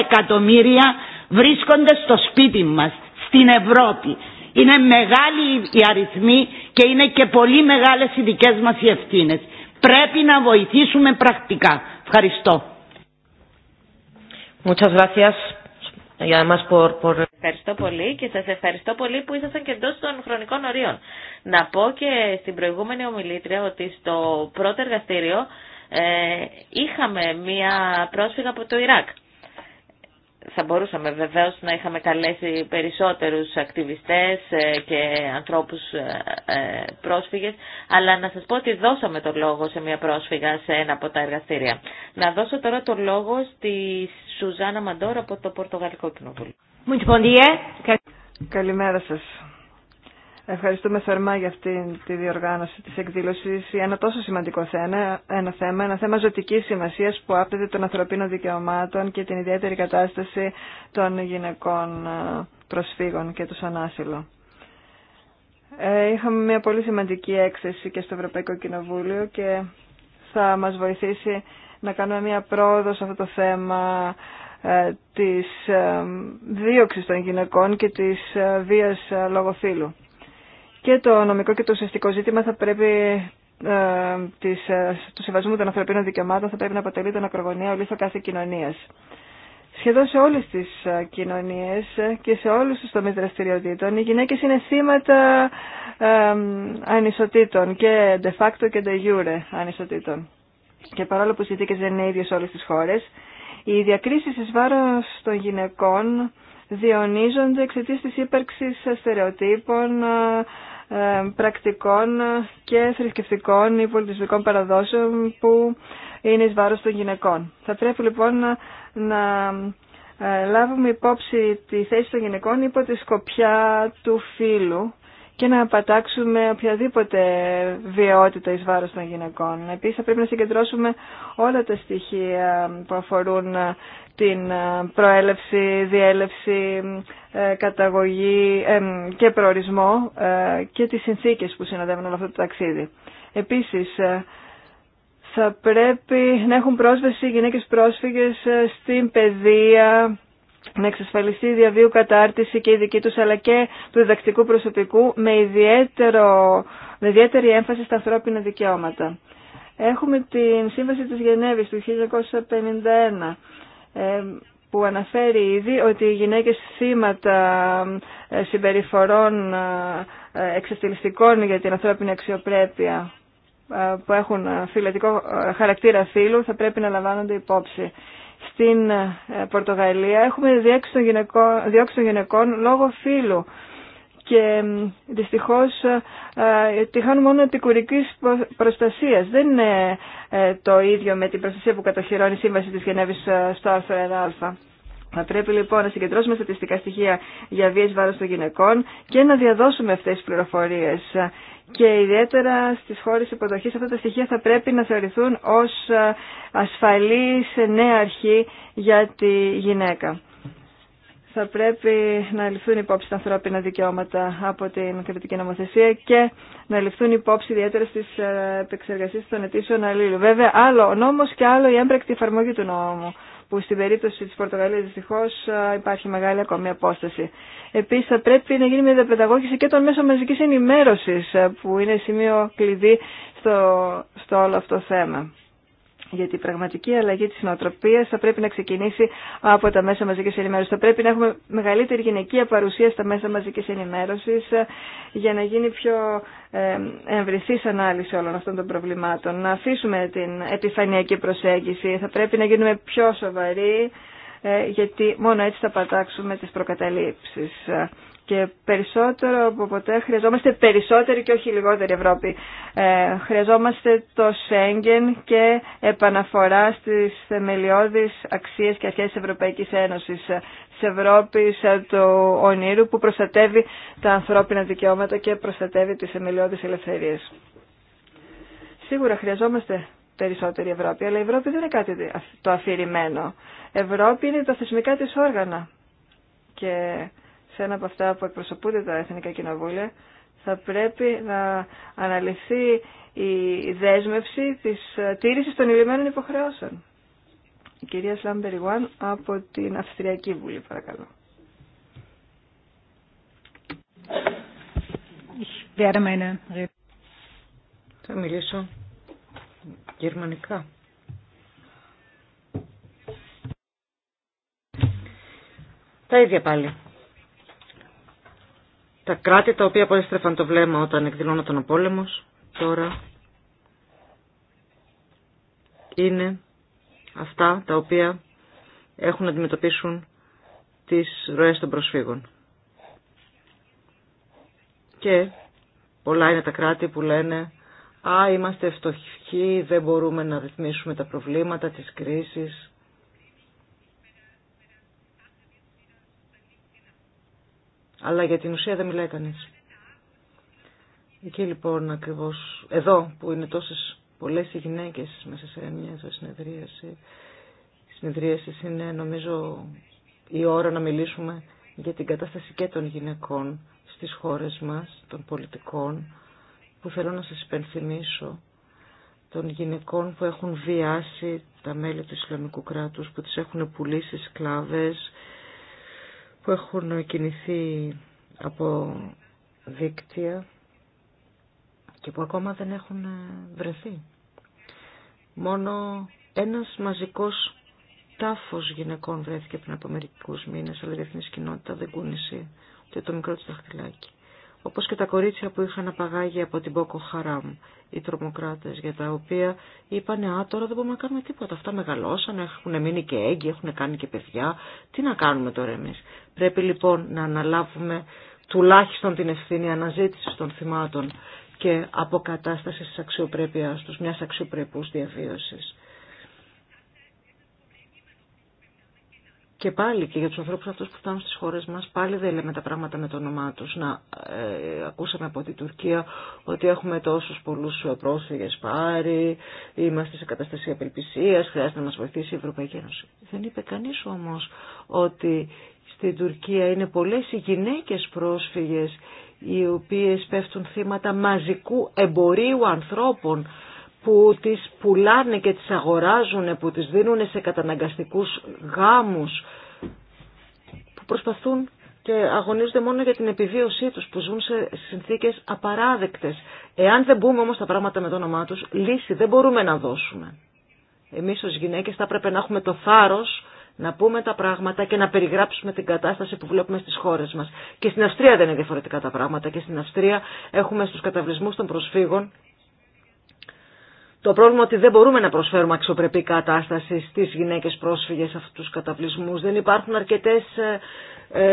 Speaker 4: εκατομμύρια βρίσκονται στο σπίτι μας, στην Ευρώπη. Είναι μεγάλη η αριθμοί και είναι και πολύ μεγάλες οι δικές μας οι ευθύνες. Πρέπει να βοηθήσουμε πρακτικά. Ευχαριστώ για
Speaker 2: Ευχαριστώ πολύ και σας ευχαριστώ πολύ που ήσασταν και εντός των χρονικών ορίων. Να πω και στην προηγούμενη ομιλήτρια ότι στο πρώτο εργαστήριο ε, είχαμε μία πρόσφυγα από το Ιράκ θα μπορούσαμε βεβαίως να είχαμε καλέσει περισσότερους ακτιβιστές ε, και ανθρώπους ε, ε, πρόσφυγες, αλλά να σας πω ότι δώσαμε το λόγο σε μια πρόσφυγα σε ένα από τα εργαστήρια. Να δώσω τώρα το λόγο στη Σουζάνα Μαντόρα από το Πορτογαλικό Κοινοβούλιο.
Speaker 1: Καλημέρα σας. Ευχαριστούμε θερμά για αυτή τη διοργάνωση της εκδήλωσης για ένα τόσο σημαντικό θέμα, ένα θέμα, ένα θέμα ζωτικής σημασίας που άπτεται των ανθρωπίνων δικαιωμάτων και την ιδιαίτερη κατάσταση των γυναικών ε, προσφύγων και του ανάσυλων. Ε, είχαμε μια πολύ σημαντική έκθεση και στο Ευρωπαϊκό Κοινοβούλιο και θα μας βοηθήσει να κάνουμε μια πρόοδο σε αυτό το θέμα ε, της δίωξης των γυναικών και της βίας λόγω και το νομικό και το ουσιαστικό ζήτημα θα πρέπει ε, της, ε, του σεβασμού των ανθρωπίνων δικαιωμάτων θα πρέπει να αποτελεί τον ακρογωνία ολίθο κάθε κοινωνία. Σχεδόν σε όλες τις ε, κοινωνίες και σε όλους του τομείς δραστηριοτήτων οι γυναίκες είναι θύματα ε, ανισοτήτων και de facto και de jure ανισοτήτων. Και παρόλο που οι συνθήκες δεν είναι ίδιες σε όλες τις χώρες, οι διακρίσει εις βάρος των γυναικών διονύζονται εξαιτία τη ύπαρξη στερεοτύπων, ε, πρακτικών και θρησκευτικών ή πολιτιστικών παραδόσεων που είναι εις βάρος των γυναικών. Θα πρέπει λοιπόν να, να ε, λάβουμε υπόψη τη θέση των γυναικών υπό τη σκοπιά του φίλου και να πατάξουμε οποιαδήποτε βιαιότητα εις βάρος των γυναικών. Επίσης θα πρέπει να συγκεντρώσουμε όλα τα στοιχεία που αφορούν την ε, προέλευση, διέλευση, ε, καταγωγή ε, και προορισμό και τις συνθήκες που συνοδεύουν όλο αυτό το ταξίδι. Επίσης, θα πρέπει να έχουν πρόσβαση οι γυναίκες πρόσφυγες στην παιδεία, να εξασφαλιστεί η διαβίου κατάρτιση και η δική τους αλλά και του διδακτικού προσωπικού με, ιδιαίτερο, με ιδιαίτερη έμφαση στα ανθρώπινα δικαιώματα. Έχουμε την Σύμβαση της Γενέβης του 1951 ε, που αναφέρει ήδη ότι οι γυναίκες θύματα ε, συμπεριφορών ε, εξαστηλιστικών για την ανθρώπινη αξιοπρέπεια που έχουν φιλετικό χαρακτήρα φύλου θα πρέπει να λαμβάνονται υπόψη. Στην Πορτογαλία έχουμε διώξει των γυναικών λόγω φύλου και δυστυχώς ε, ε, τη μόνο μόνο κουρική προστασίας. Δεν είναι ε, το ίδιο με την προστασία που κατοχυρώνει η Σύμβαση της Γενέβης στο αρθρο 1α. Θα πρέπει λοιπόν να συγκεντρώσουμε στατιστικά στοιχεία για βίες βάρος των γυναικών και να διαδώσουμε αυτές τις πληροφορίες. Και ιδιαίτερα στις χώρες υποδοχής αυτά τα στοιχεία θα πρέπει να θεωρηθούν ως ασφαλής νέα αρχή για τη γυναίκα θα πρέπει να ληφθούν υπόψη τα ανθρώπινα δικαιώματα από την κρατική νομοθεσία και να ληφθούν υπόψη ιδιαίτερα στι ε, επεξεργασίε των αιτήσεων αλλήλου. Βέβαια, άλλο ο νόμο και άλλο η έμπρακτη εφαρμογή του νόμου, που στην περίπτωση τη Πορτογαλία δυστυχώ ε, υπάρχει μεγάλη ακόμη απόσταση. Επίση, θα πρέπει να γίνει μια διαπαιδαγώγηση και των μέσων μαζική ενημέρωση, ε, που είναι σημείο κλειδί στο, στο όλο αυτό θέμα. Γιατί η πραγματική αλλαγή της νοοτροπίας θα πρέπει να ξεκινήσει από τα μέσα μαζικής ενημέρωσης. Θα πρέπει να έχουμε μεγαλύτερη γυναικεία παρουσία στα μέσα μαζικής ενημέρωσης ε, για να γίνει πιο ε, εμβρηθή ανάλυση όλων αυτών των προβλημάτων. Να αφήσουμε την επιφανειακή προσέγγιση. Θα πρέπει να γίνουμε πιο σοβαροί ε, γιατί μόνο έτσι θα πατάξουμε τις προκαταλήψεις. Και περισσότερο από ποτέ χρειαζόμαστε περισσότερη και όχι λιγότερη Ευρώπη. Ε, χρειαζόμαστε το Σέγγεν και επαναφορά στις θεμελιώδεις αξίες και αρχές της Ευρωπαϊκής Ένωσης, της Ευρώπης ε, του ονείρου που προστατεύει τα ανθρώπινα δικαιώματα και προστατεύει τις θεμελιώδεις ελευθερίες. Σίγουρα χρειαζόμαστε περισσότερη Ευρώπη, αλλά η Ευρώπη δεν είναι κάτι το αφηρημένο. Ευρώπη είναι τα θεσμικά της όργανα. Και ένα από αυτά που εκπροσωπούνται τα Εθνικά Κοινοβούλια, θα πρέπει να αναλυθεί η δέσμευση της ε, τήρησης των ηλυμένων υποχρεώσεων. Η κυρία Σλάμπεριγουάν από την Αυστριακή Βουλή, παρακαλώ.
Speaker 3: Θα μιλήσω γερμανικά. Τα ίδια πάλι. Τα κράτη τα οποία απέστρεφαν το βλέμμα όταν εκδηλώνονταν ο πόλεμος, τώρα είναι αυτά τα οποία έχουν να αντιμετωπίσουν τις ροές των προσφύγων. Και πολλά είναι τα κράτη που λένε «Α, είμαστε φτωχοί, δεν μπορούμε να ρυθμίσουμε τα προβλήματα της κρίσης, Αλλά για την ουσία δεν μιλάει κανείς. Εκεί λοιπόν ακριβώ, εδώ που είναι τόσες πολλές οι γυναίκες μέσα σε μια συνεδρίαση, συνεδρίαση είναι νομίζω η ώρα να μιλήσουμε για την κατάσταση και των γυναικών στις χώρες μας, των πολιτικών, που θέλω να σας υπενθυμίσω, των γυναικών που έχουν βιάσει τα μέλη του Ισλαμικού κράτους, που τις έχουν πουλήσει σκλάβες, που έχουν κινηθεί από δίκτυα και που ακόμα δεν έχουν ε, βρεθεί. Μόνο ένας μαζικός τάφος γυναικών βρέθηκε πριν από μερικούς μήνες, αλλά η διεθνής κοινότητα δεν κούνησε ούτε το μικρό της δαχτυλάκι όπως και τα κορίτσια που είχαν απαγάγει από την Μπόκο Χαράμ, οι τρομοκράτες, για τα οποία είπανε «Α, τώρα δεν μπορούμε να κάνουμε τίποτα, αυτά μεγαλώσαν, έχουν μείνει και έγκυοι, έχουν κάνει και παιδιά, τι να κάνουμε τώρα εμείς». Πρέπει λοιπόν να αναλάβουμε τουλάχιστον την ευθύνη αναζήτησης των θυμάτων και αποκατάστασης της αξιοπρέπειάς τους, μιας αξιοπρεπούς διαβίωσης. Και πάλι και για τους ανθρώπους αυτούς που φτάνουν στις χώρες μας, πάλι δεν λέμε τα πράγματα με το όνομά τους. Να, ε, ακούσαμε από την Τουρκία ότι έχουμε τόσους πολλούς πρόσφυγες πάρει, είμαστε σε κατάσταση απελπισίας, χρειάζεται να μας βοηθήσει η Ευρωπαϊκή Ένωση. Δεν είπε κανείς όμως ότι στην Τουρκία είναι πολλές οι γυναίκες πρόσφυγες οι οποίες πέφτουν θύματα μαζικού εμπορίου ανθρώπων που τις πουλάνε και τις αγοράζουν, που τις δίνουν σε καταναγκαστικούς γάμους, που προσπαθούν και αγωνίζονται μόνο για την επιβίωσή τους, που ζουν σε συνθήκες απαράδεκτες. Εάν δεν μπούμε όμως τα πράγματα με το όνομά τους, λύση δεν μπορούμε να δώσουμε. Εμείς ως γυναίκες θα πρέπει να έχουμε το θάρρος να πούμε τα πράγματα και να περιγράψουμε την κατάσταση που βλέπουμε στις χώρες μας. Και στην Αυστρία δεν είναι διαφορετικά τα πράγματα. Και στην Αυστρία έχουμε στους καταβλισμούς των προσφύγων το πρόβλημα ότι δεν μπορούμε να προσφέρουμε αξιοπρεπή κατάσταση στις γυναίκες πρόσφυγες αυτούς τους καταπλησμούς. Δεν υπάρχουν αρκετές ε,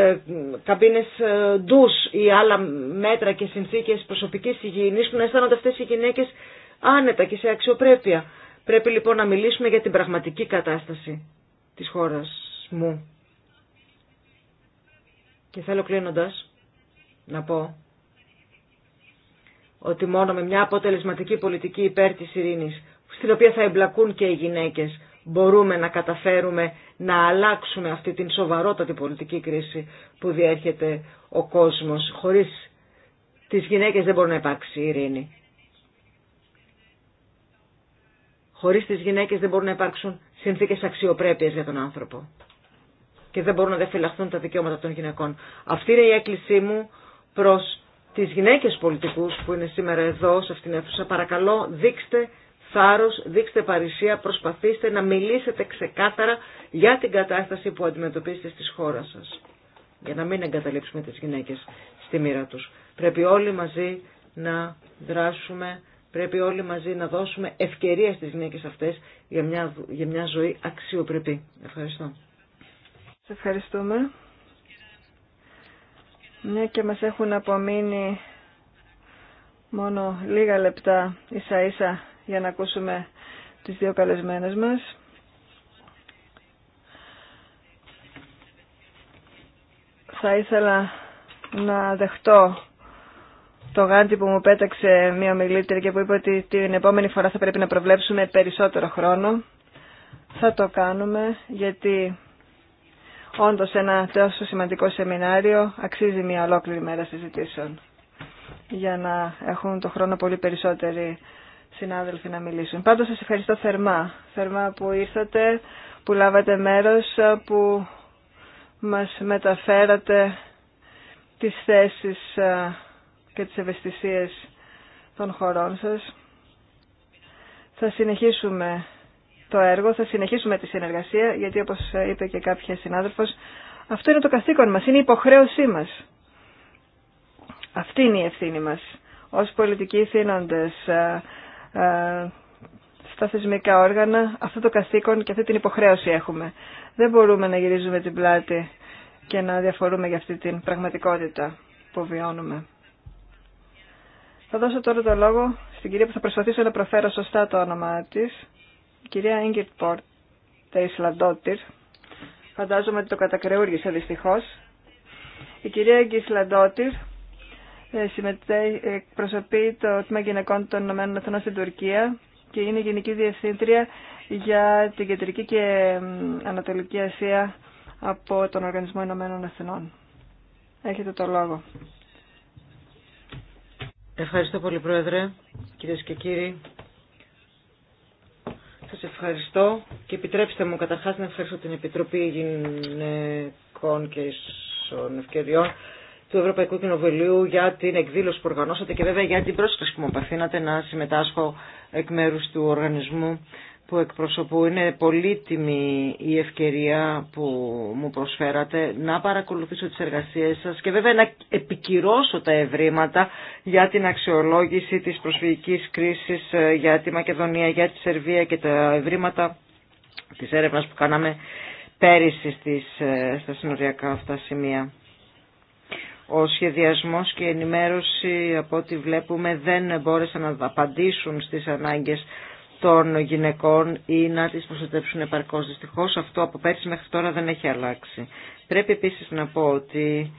Speaker 3: ε καμπίνες ε, ντους ή άλλα μέτρα και συνθήκες προσωπικής υγιεινής που να αισθάνονται αυτές οι γυναίκες άνετα και σε αξιοπρέπεια. Πρέπει λοιπόν να μιλήσουμε για την πραγματική κατάσταση της χώρας μου. Και θέλω κλείνοντας να πω ότι μόνο με μια αποτελεσματική πολιτική υπέρ της ειρήνης, στην οποία θα εμπλακούν και οι γυναίκες, μπορούμε να καταφέρουμε να αλλάξουμε αυτή την σοβαρότατη πολιτική κρίση που διέρχεται ο κόσμος. Χωρίς τις γυναίκες δεν μπορεί να υπάρξει ειρήνη. Χωρίς τις γυναίκες δεν μπορούν να υπάρξουν συνθήκες αξιοπρέπειας για τον άνθρωπο. Και δεν μπορούν να διαφυλαχθούν τα δικαιώματα των γυναικών. Αυτή είναι η έκκλησή μου προς τις γυναίκες πολιτικούς που είναι σήμερα εδώ σε αυτήν την αίθουσα, παρακαλώ δείξτε θάρρος, δείξτε παρησία, προσπαθήστε να μιλήσετε ξεκάθαρα για την κατάσταση που αντιμετωπίζετε στις χώρα σας. Για να μην εγκαταλείψουμε τις γυναίκες στη μοίρα τους. Πρέπει όλοι μαζί να δράσουμε, πρέπει όλοι μαζί να δώσουμε ευκαιρία στις γυναίκες αυτές για μια, για ζωή αξιοπρεπή. Ευχαριστώ. Σε ευχαριστούμε. Μια ναι, και μας έχουν
Speaker 1: απομείνει μόνο λίγα λεπτά ίσα ίσα για να ακούσουμε τις δύο καλεσμένες μας. Θα ήθελα να δεχτώ το γάντι που μου πέταξε μία ομιλήτρια και που είπε ότι την επόμενη φορά θα πρέπει να προβλέψουμε περισσότερο χρόνο. Θα το κάνουμε γιατί Όντω ένα τόσο σημαντικό σεμινάριο αξίζει μια ολόκληρη μέρα συζητήσεων για να έχουν το χρόνο πολύ περισσότεροι συνάδελφοι να μιλήσουν. Πάντως σας ευχαριστώ θερμά, θερμά που ήρθατε, που λάβατε μέρος, που μας μεταφέρατε τις θέσεις και τις ευαισθησίες των χωρών σας. Θα συνεχίσουμε το έργο, θα συνεχίσουμε τη συνεργασία, γιατί όπως είπε και κάποια συνάδελφος, αυτό είναι το καθήκον μας, είναι η υποχρέωσή μας. Αυτή είναι η ευθύνη μας. Ως πολιτικοί θύνοντες ε, ε, στα θεσμικά όργανα, αυτό το καθήκον και αυτή την υποχρέωση έχουμε. Δεν μπορούμε να γυρίζουμε την πλάτη και να διαφορούμε για αυτή την πραγματικότητα που βιώνουμε. Θα δώσω τώρα το λόγο στην κυρία που θα προσπαθήσω να προφέρω σωστά το όνομά της, κυρία Ίγκυρτ Πόρτ, φαντάζομαι ότι το κατακρεούργησα δυστυχώς. Η κυρία Γκισλαντότυρ ε, εκπροσωπεί το Τμήμα Γυναικών των Ηνωμένων Εθνών στην Τουρκία και είναι Γενική Διευθύντρια για την Κεντρική και Ανατολική Ασία από τον Οργανισμό Ηνωμένων Εθνών. Έχετε το λόγο.
Speaker 3: Ευχαριστώ πολύ Πρόεδρε, κυρίες και κύριοι. Σας ευχαριστώ και επιτρέψτε μου καταρχάς να ευχαριστώ την Επιτροπή Γυναικών και Ισών Ευκαιριών του Ευρωπαϊκού Κοινοβουλίου για την εκδήλωση που οργανώσατε και βέβαια για την πρόσκληση που μου να συμμετάσχω εκ μέρους του οργανισμού που εκπροσωπού Είναι πολύτιμη η ευκαιρία που μου προσφέρατε να παρακολουθήσω τις εργασίες σας και βέβαια να επικυρώσω τα ευρήματα για την αξιολόγηση της προσφυγικής κρίσης ε, για τη Μακεδονία, για τη Σερβία και τα ευρήματα της έρευνας που κάναμε πέρυσι στις, ε, στα συνοριακά αυτά σημεία. Ο σχεδιασμός και η ενημέρωση από ό,τι βλέπουμε δεν μπόρεσαν να απαντήσουν στις ανάγκες των γυναικών ή να τις προστατεύσουν επαρκώς. Δυστυχώς αυτό από πέρσι μέχρι τώρα δεν έχει αλλάξει. Πρέπει επίσης να πω ότι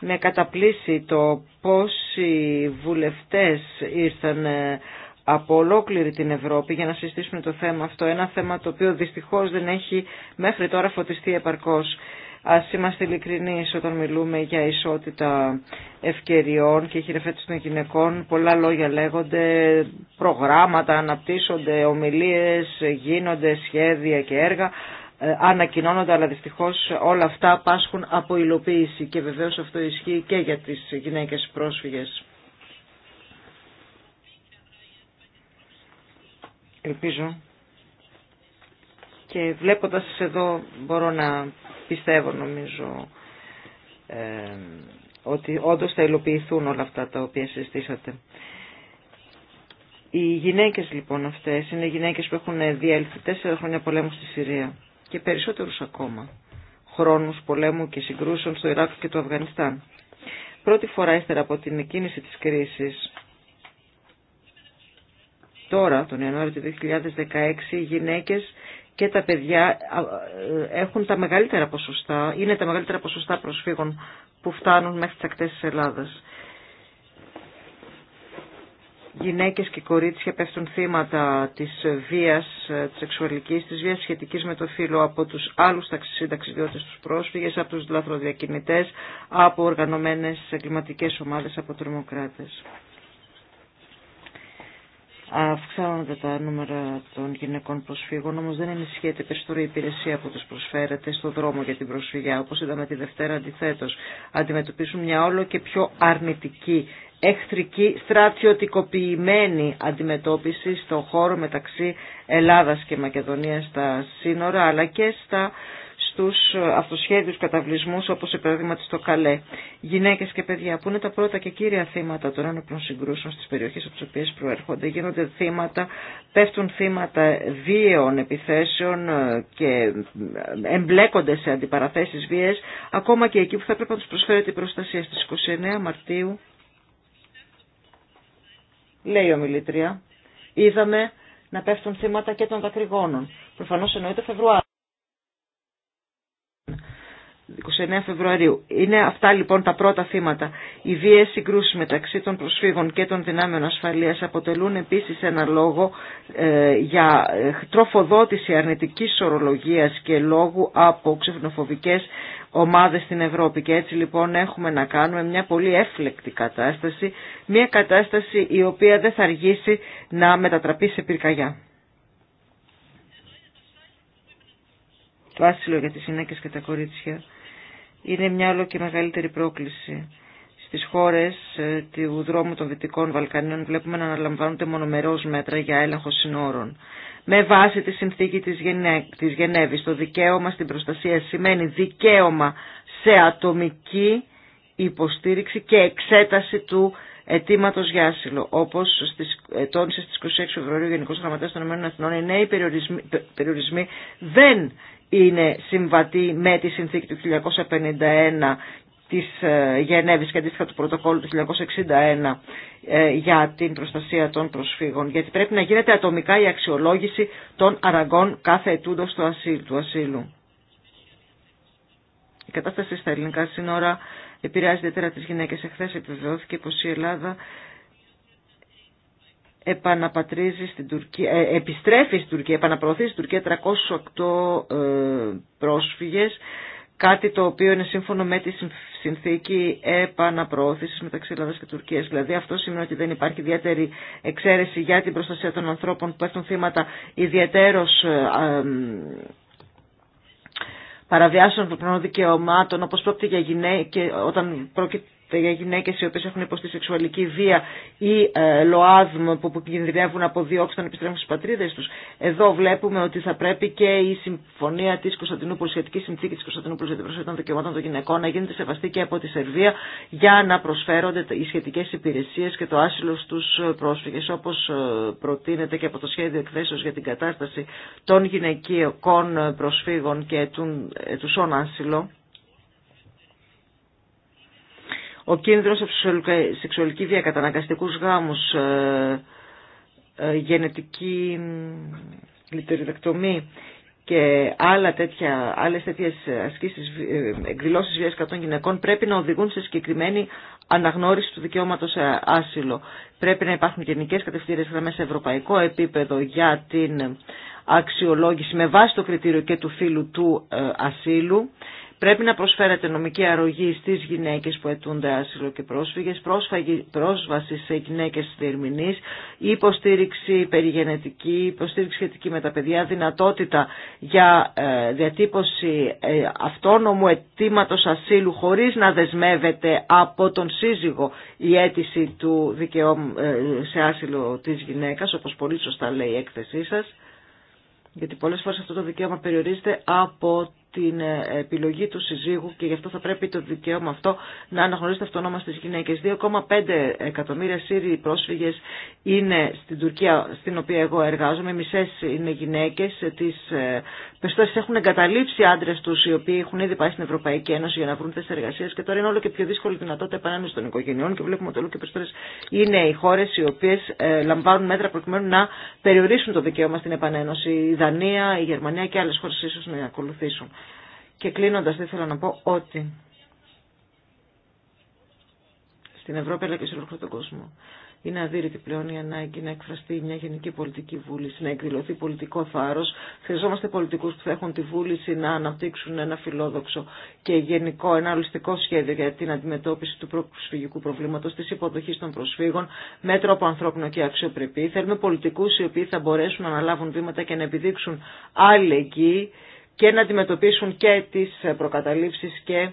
Speaker 3: με καταπλήσει το πόσοι βουλευτές ήρθαν ε, από ολόκληρη την Ευρώπη για να συζητήσουμε το θέμα αυτό. Ένα θέμα το οποίο δυστυχώς δεν έχει μέχρι τώρα φωτιστεί επαρκώς. Ας είμαστε ειλικρινεί όταν μιλούμε για ισότητα ευκαιριών και χειρεφέτηση των γυναικών. Πολλά λόγια λέγονται, προγράμματα αναπτύσσονται, ομιλίες, γίνονται σχέδια και έργα ε, ανακοινώνονται, αλλά δυστυχώς όλα αυτά πάσχουν από υλοποίηση και βεβαίως αυτό ισχύει και για τις γυναίκες πρόσφυγες. Ελπίζω και βλέποντας σας εδώ μπορώ να πιστεύω νομίζω ε, ότι όντως θα υλοποιηθούν όλα αυτά τα οποία συζητήσατε. Οι γυναίκες λοιπόν αυτές είναι γυναίκες που έχουν διέλθει τέσσερα χρόνια πολέμου στη Συρία και περισσότερους ακόμα χρόνους πολέμου και συγκρούσεων στο Ιράκ και το Αφγανιστάν. Πρώτη φορά ύστερα από την κίνηση της κρίσης τώρα, τον Ιανουάριο του 2016, οι γυναίκες και τα παιδιά ε, έχουν τα μεγαλύτερα ποσοστά, είναι τα μεγαλύτερα ποσοστά προσφύγων που φτάνουν μέχρι τις ακτές της Ελλάδας. Γυναίκες και κορίτσια πέφτουν θύματα της βίας, ε, της σεξουαλικής, της βίας σχετικής με το φύλλο από τους άλλους ταξιδιώτες τους πρόσφυγες, από τους λαθροδιακινητές, από οργανωμένες εγκληματικές ομάδες, από τρομοκράτες. Αυξάνονται τα νούμερα των γυναικών προσφύγων, όμως δεν ενισχύεται περισσότερο η υπηρεσία που του προσφέρεται στον δρόμο για την προσφυγιά. Όπως είδαμε τη Δευτέρα, αντιθέτω, αντιμετωπίσουν μια όλο και πιο αρνητική, εχθρική, στρατιωτικοποιημένη αντιμετώπιση στον χώρο μεταξύ Ελλάδας και Μακεδονίας στα σύνορα, αλλά και στα στους αυτοσχέδιους καταβλισμούς όπως η παράδειγμα στο Καλέ. Γυναίκες και παιδιά που είναι τα πρώτα και κύρια θύματα των ένοπλων συγκρούσεων στις περιοχές από τις οποίες προέρχονται. Γίνονται θύματα, πέφτουν θύματα βίαιων επιθέσεων ε, και ε, εμπλέκονται σε αντιπαραθέσεις βίες ακόμα και εκεί που θα πρέπει να τους προσφέρεται η προστασία στις 29 Μαρτίου. Λέει ο Μιλήτρια, είδαμε να πέφτουν θύματα και των δακρυγόνων. Προφανώς εννοείται Φεβρουάριο. 29 Φεβρουαρίου. Είναι αυτά λοιπόν τα πρώτα θύματα. Οι βίαιες συγκρούσεις μεταξύ των προσφύγων και των δυνάμεων ασφαλείας αποτελούν επίσης ένα λόγο ε, για ε, τροφοδότηση αρνητικής ορολογίας και λόγου από ξεφνοφοβικές ομάδες στην Ευρώπη. Και έτσι λοιπόν έχουμε να κάνουμε μια πολύ έφλεκτη κατάσταση, μια κατάσταση η οποία δεν θα αργήσει να μετατραπεί σε πυρκαγιά. Το για τις γυναίκες και τα κορίτσια είναι μια όλο και μεγαλύτερη πρόκληση. Στις χώρες ε, του δρόμου των Δυτικών Βαλκανίων βλέπουμε να αναλαμβάνονται μονομερώς μέτρα για έλεγχο συνόρων. Με βάση τη συνθήκη της, Γενέ, Γενέβης, το δικαίωμα στην προστασία σημαίνει δικαίωμα σε ατομική υποστήριξη και εξέταση του αιτήματο για άσυλο. Όπω ε, τόνισε στι 26 Φεβρουαρίου ο Γενικό Γραμματέα των ΗΠΑ, οι νέοι περιορισμοί δεν είναι συμβατή με τη συνθήκη του 1951 της ε, Γενέβης και αντίστοιχα του πρωτοκόλλου του 1961 ε, για την προστασία των προσφύγων. Γιατί πρέπει να γίνεται ατομικά η αξιολόγηση των αραγκών κάθε ετούντος του ασύλου. Η κατάσταση στα ελληνικά σύνορα επηρεάζει ιδιαίτερα τις γυναίκες. Εχθές επιβεβαιώθηκε πως η Ελλάδα επαναπατρίζει στην Τουρκία, ε, επιστρέφει στην Τουρκία, επαναπροωθεί στην Τουρκία 308 ε, πρόσφυγες, κάτι το οποίο είναι σύμφωνο με τη συνθήκη επαναπροώθησης μεταξύ Ελλάδας και Τουρκίας. Δηλαδή αυτό σημαίνει ότι δεν υπάρχει ιδιαίτερη εξαίρεση για την προστασία των ανθρώπων που έχουν θύματα ιδιαίτερος ε, παραβιάσεων των δικαιωμάτων, όπως πρόκειται για γυναίκες, όταν πρόκειται για γυναίκε οι οποίε έχουν υποστεί σεξουαλική βία ή ε, ΛΟΑΔΜ που κινδυνεύουν από διώξει όταν επιστρέφουν στι πατρίδε του. Εδώ βλέπουμε ότι θα πρέπει και η συμφωνία τη Κωνσταντινούπολη, σχετική συνθήκη τη Κωνσταντινούπολη για την προστασία των δικαιωμάτων των γυναικών, να γίνεται σεβαστή και από τη Σερβία για να προσφέρονται οι σχετικέ υπηρεσίε και το άσυλο στου πρόσφυγε, όπω ε, προτείνεται και από το σχέδιο εκθέσεω για την κατάσταση των γυναικείων προσφύγων και του ε, άσυλο. Ο κίνδυνος σεξουαλική βία, καταναγκαστικούς γάμους, ε, ε, γενετική λιτεροδεκτομή και άλλα τέτοια, άλλες τέτοιες ασκήσεις, ε, εκδηλώσεις βίας κατών γυναικών πρέπει να οδηγούν σε συγκεκριμένη αναγνώριση του δικαιώματος σε άσυλο. Πρέπει να υπάρχουν γενικές κατευθύνσεις γραμμές σε ευρωπαϊκό επίπεδο για την αξιολόγηση με βάση το κριτήριο και του φύλου του ασύλου Πρέπει να προσφέρεται νομική αρρωγή στις γυναίκες που αιτούνται άσυλο και πρόσφυγες, πρόσβαση σε γυναίκες διερμηνείς, υποστήριξη περιγενετική, υποστήριξη σχετική με τα παιδιά, δυνατότητα για ε, διατύπωση ε, αυτόνομου αιτήματο ασύλου χωρίς να δεσμεύεται από τον σύζυγο η αίτηση του δικαιώματος ε, σε άσυλο της γυναίκας, όπως πολύ σωστά λέει η έκθεσή σας. Γιατί πολλές φορές αυτό το δικαίωμα περιορίζεται από την επιλογή του συζύγου και γι' αυτό θα πρέπει το δικαίωμα αυτό να αναγνωρίζεται αυτόνομα στις γυναίκες. 2,5 εκατομμύρια Σύριοι πρόσφυγες είναι στην Τουρκία στην οποία εγώ εργάζομαι, μισές είναι γυναίκες της ε, Περισσότερε έχουν εγκαταλείψει άντρε του οι οποίοι έχουν ήδη πάει στην Ευρωπαϊκή Ένωση για να βρουν θέσει εργασία και τώρα είναι όλο και πιο δύσκολη δυνατότητα επανένωση των οικογενειών και βλέπουμε ότι όλο και περισσότερε είναι οι χώρε οι οποίε ε, λαμβάνουν μέτρα προκειμένου να περιορίσουν το δικαίωμα στην επανένωση. Η Δανία, η Γερμανία και άλλε χώρε ίσω να ακολουθήσουν. Και κλείνοντα, δεν ήθελα να πω ότι στην Ευρώπη αλλά και σε όλο τον κόσμο. Είναι αδύρυτη πλέον η ανάγκη να εκφραστεί μια γενική πολιτική βούληση, να εκδηλωθεί πολιτικό θάρρο. Χρειαζόμαστε πολιτικού που θα έχουν τη βούληση να αναπτύξουν ένα φιλόδοξο και γενικό, ένα ολιστικό σχέδιο για την αντιμετώπιση του προσφυγικού προβλήματο, τη υποδοχή των προσφύγων, με τρόπο ανθρώπινο και αξιοπρεπή. Θέλουμε πολιτικού οι οποίοι θα μπορέσουν να αναλάβουν βήματα και να επιδείξουν αλληλεγγύη και να αντιμετωπίσουν και τις προκαταλήψει και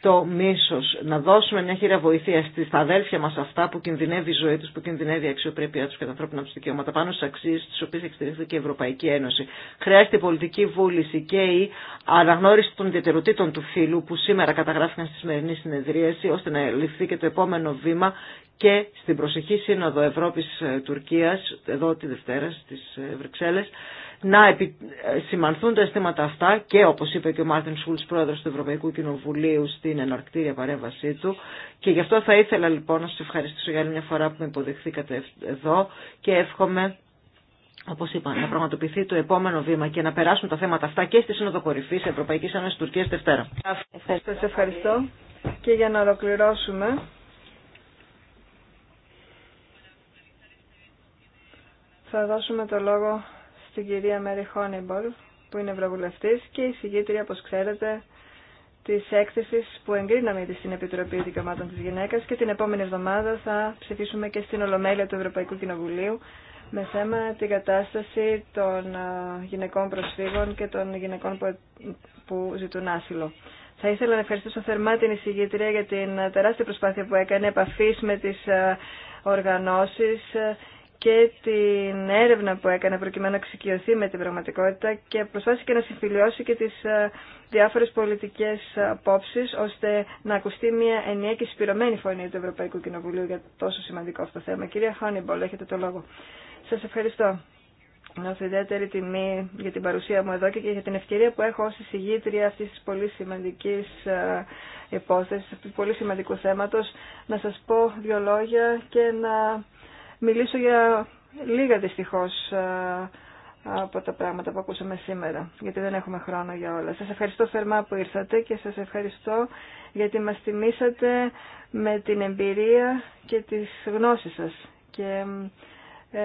Speaker 3: το μίσος, να δώσουμε μια χείρα βοήθεια στις αδέλφια μας αυτά που κινδυνεύει η ζωή τους, που κινδυνεύει η αξιοπρέπειά τους και τα ανθρώπινα τους δικαιώματα πάνω στις αξίες τις οποίες εξτηρίζεται και η Ευρωπαϊκή Ένωση. Χρειάζεται πολιτική βούληση και η αναγνώριση των ιδιαιτεροτήτων του φύλου που σήμερα καταγράφηκαν στη σημερινή συνεδρίαση ώστε να ληφθεί και το επόμενο βήμα και στην προσεχή σύνοδο Ευρώπης-Τουρκίας εδώ τη Δευτέρα στις ε, Βρυξέλλες να επι... σημανθούν τα αισθήματα αυτά και όπως είπε και ο Μάρτιν Σούλτς πρόεδρος του Ευρωπαϊκού Κοινοβουλίου στην εναρκτήρια παρέμβασή του και γι' αυτό θα ήθελα λοιπόν να σας ευχαριστήσω για άλλη μια φορά που με υποδεχθήκατε εδώ και εύχομαι Όπω είπα, να πραγματοποιηθεί το επόμενο βήμα και να περάσουν τα θέματα αυτά και στη Σύνοδο Κορυφή Ευρωπαϊκή Ένωση Τουρκία Δευτέρα.
Speaker 1: Σα ευχαριστώ. Και για να ολοκληρώσουμε, θα δώσουμε το λόγο στην κυρία Μέρι Χόνιμπολ, που είναι ευρωβουλευτή και η συγγήτρια, όπως ξέρετε, τη έκθεση που εγκρίναμε ήδη στην Επιτροπή Δικαιωμάτων τη γυναίκα και την επόμενη εβδομάδα θα ψηφίσουμε και στην Ολομέλεια του Ευρωπαϊκού Κοινοβουλίου με θέμα την κατάσταση των γυναικών προσφύγων και των γυναικών που ζητούν άσυλο. Θα ήθελα να ευχαριστήσω θερμά την εισηγήτρια για την τεράστια προσπάθεια που έκανε επαφή με τι οργανώσει και την έρευνα που έκανε προκειμένου να εξοικειωθεί με την πραγματικότητα και προσπάθησε και να συμφιλειώσει και τις ε, διάφορες πολιτικές απόψει, ώστε να ακουστεί μια ενιαία και συμπληρωμένη φωνή του Ευρωπαϊκού Κοινοβουλίου για τόσο σημαντικό αυτό το θέμα. Κυρία Χόνιμπολ, έχετε το λόγο. Σας ευχαριστώ. Νιώθω ιδιαίτερη τιμή για την παρουσία μου εδώ και για την ευκαιρία που έχω ως εισηγήτρια αυτής της πολύ σημαντικής ε, υπόθεσης, αυτού του πολύ σημαντικού θέματο να σα πω δύο λόγια και να μιλήσω για λίγα δυστυχώς ε, από τα πράγματα που ακούσαμε σήμερα, γιατί δεν έχουμε χρόνο για όλα. Σας ευχαριστώ θερμά που ήρθατε και σας ευχαριστώ γιατί μας τιμήσατε με την εμπειρία και τις γνώσεις σας. Και ε,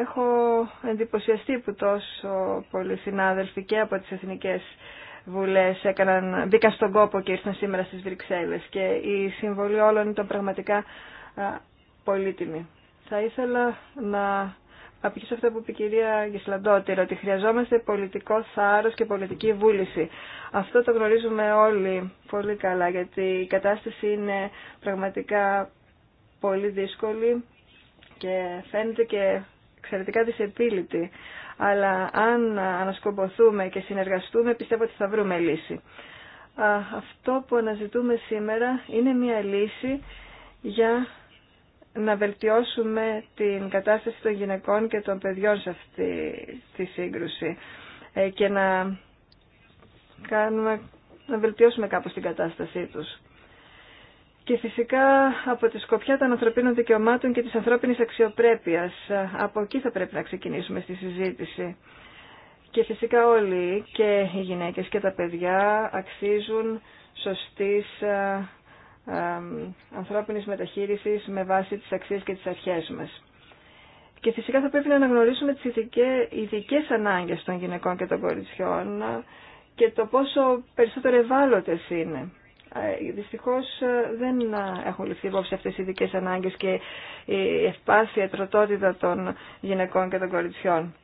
Speaker 1: έχω εντυπωσιαστεί που τόσο πολλοί συνάδελφοι και από τις εθνικές βουλές έκαναν, μπήκαν στον κόπο και ήρθαν σήμερα στις Βρυξέλλες και η συμβολή όλων ήταν πραγματικά ε, πολύτιμη. Θα ήθελα να απηχήσω αυτό που είπε η κυρία Γεσλαντότηρα, ότι χρειαζόμαστε πολιτικό θάρρος και πολιτική βούληση. Αυτό το γνωρίζουμε όλοι πολύ καλά, γιατί η κατάσταση είναι πραγματικά πολύ δύσκολη και φαίνεται και εξαιρετικά δυσεπίλητη. Αλλά αν ανασκομποθούμε και συνεργαστούμε, πιστεύω ότι θα βρούμε λύση. Αυτό που αναζητούμε σήμερα είναι μια λύση για να βελτιώσουμε την κατάσταση των γυναικών και των παιδιών σε αυτή τη σύγκρουση ε, και να, κάνουμε, να βελτιώσουμε κάπως την κατάστασή τους. Και φυσικά από τη σκοπιά των ανθρωπίνων δικαιωμάτων και της ανθρώπινης αξιοπρέπειας. Ε, από εκεί θα πρέπει να ξεκινήσουμε στη συζήτηση. Και φυσικά όλοι, και οι γυναίκες και τα παιδιά, αξίζουν σωστής ε, ανθρώπινης μεταχείρισης με βάση τις αξίες και τις αρχές μας. Και φυσικά θα πρέπει να αναγνωρίσουμε τις ειδικέ ανάγκες των γυναικών και των κοριτσιών και το πόσο περισσότερο ευάλωτες είναι. Ε, δυστυχώς ε, δεν έχουν ληφθεί υπόψη αυτές οι ειδικέ ανάγκες και η ευπάθεια τροτότητα των γυναικών και των κοριτσιών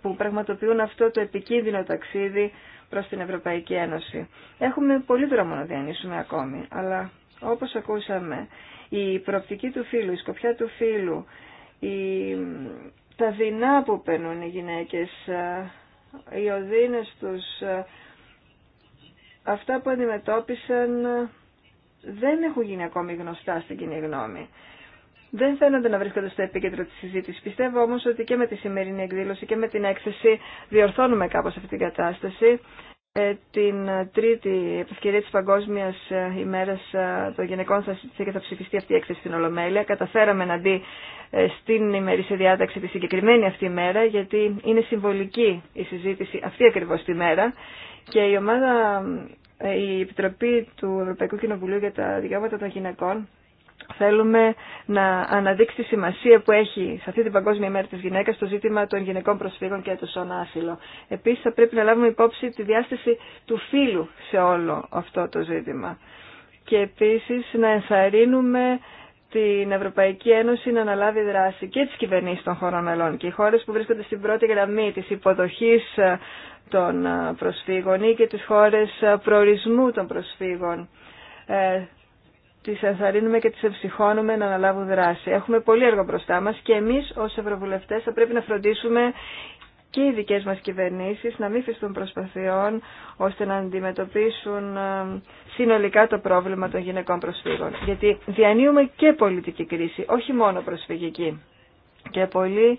Speaker 1: που πραγματοποιούν αυτό το επικίνδυνο ταξίδι προς την Ευρωπαϊκή Ένωση. Έχουμε πολύ δρόμο να διανύσουμε ακόμη, αλλά όπως ακούσαμε, η προοπτική του φίλου, η σκοπιά του φίλου, η... τα δεινά που παίρνουν οι γυναίκες, οι οδύνες τους, αυτά που αντιμετώπισαν δεν έχουν γίνει ακόμη γνωστά στην κοινή γνώμη. Δεν φαίνονται να βρίσκονται στο επίκεντρο της συζήτησης. Πιστεύω όμως ότι και με τη σημερινή εκδήλωση και με την έκθεση διορθώνουμε κάπως αυτή την κατάσταση ε, την ε, τρίτη ευκαιρία της Παγκόσμιας ε, ημέρας των γυναικών θα συζητηθεί και θα ψηφιστεί αυτή η έκθεση στην Ολομέλεια. Καταφέραμε να μπει στην ημερήσια διάταξη τη συγκεκριμένη αυτή ημέρα γιατί είναι συμβολική η συζήτηση αυτή ακριβώς τη μέρα και η ομάδα, η Επιτροπή του Ευρωπαϊκού Κοινοβουλίου για τα Δικαιώματα των Γυναικών Θέλουμε να αναδείξει τη σημασία που έχει σε αυτή την Παγκόσμια Μέρα τη Γυναίκα το ζήτημα των γυναικών προσφύγων και του άσυλο. Επίση, θα πρέπει να λάβουμε υπόψη τη διάσταση του φύλου σε όλο αυτό το ζήτημα. Και επίση να ενθαρρύνουμε την Ευρωπαϊκή Ένωση να αναλάβει δράση και τι κυβερνήσει των χωρών μελών και οι χώρε που βρίσκονται στην πρώτη γραμμή τη υποδοχή των προσφύγων ή και τι χώρε προορισμού των προσφύγων ε, τι ενθαρρύνουμε και τι ευσυχώνουμε να αναλάβουν δράση. Έχουμε πολύ έργο μπροστά μας και εμείς ως Ευρωβουλευτές θα πρέπει να φροντίσουμε και οι δικές μας κυβερνήσει, να μην φυστούν προσπαθειών ώστε να αντιμετωπίσουν ε, συνολικά το πρόβλημα των γυναικών προσφύγων. Γιατί διανύουμε και πολιτική κρίση, όχι μόνο προσφυγική. Και πολλοί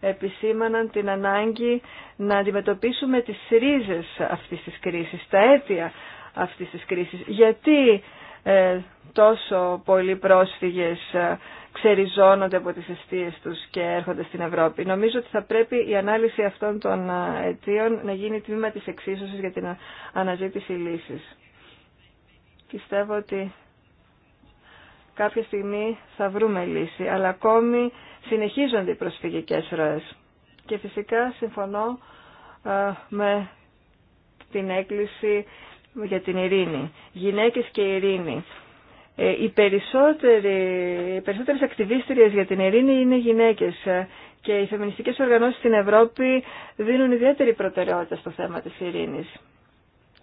Speaker 1: επισήμαναν την ανάγκη να αντιμετωπίσουμε τις ρίζες αυτής της κρίσης, τα αίτια αυτής της κρίσης. Γιατί ε, τόσο πολλοί πρόσφυγες ε, ξεριζώνονται από τις αιστείες τους και έρχονται στην Ευρώπη. Νομίζω ότι θα πρέπει η ανάλυση αυτών των ε, αιτίων να γίνει τμήμα της εξίσωσης για την αναζήτηση λύσης. Πιστεύω ότι κάποια στιγμή θα βρούμε λύση, αλλά ακόμη συνεχίζονται οι προσφυγικές ροές. Και φυσικά συμφωνώ με την έκκληση για την ειρήνη, γυναίκες και ειρήνη. Ε, οι, περισσότεροι, οι περισσότερες ακτιβίστριες για την ειρήνη είναι γυναίκες ε, και οι φεμινιστικές οργανώσεις στην Ευρώπη δίνουν ιδιαίτερη προτεραιότητα στο θέμα της ειρήνης.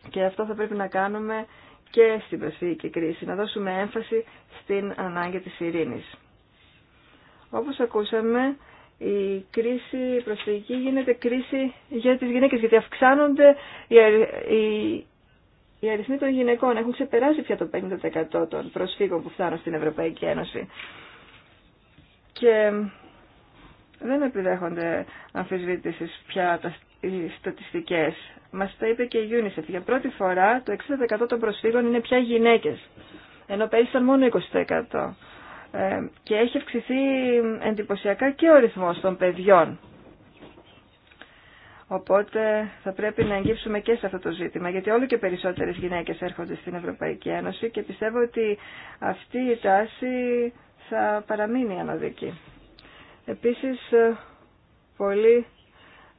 Speaker 1: Και αυτό θα πρέπει να κάνουμε και στην προσφυγική κρίση, να δώσουμε έμφαση στην ανάγκη της ειρήνης. Όπως ακούσαμε, η κρίση η προσφυγική γίνεται κρίση για τις γυναίκες, γιατί αυξάνονται οι οι αριθμοί των γυναικών έχουν ξεπεράσει πια το 50% των προσφύγων που φτάνουν στην Ευρωπαϊκή Ένωση. Και δεν επιδέχονται αμφισβήτηση πια τα, οι στατιστικές. Μας τα είπε και η UNICEF. Για πρώτη φορά το 60% των προσφύγων είναι πια γυναίκες, ενώ πέρυσι ήταν μόνο 20%. Ε, και έχει αυξηθεί εντυπωσιακά και ο ρυθμός των παιδιών Οπότε θα πρέπει να εγγύψουμε και σε αυτό το ζήτημα, γιατί όλο και περισσότερες γυναίκες έρχονται στην Ευρωπαϊκή Ένωση και πιστεύω ότι αυτή η τάση θα παραμείνει ανωδική. Επίσης, πολλοί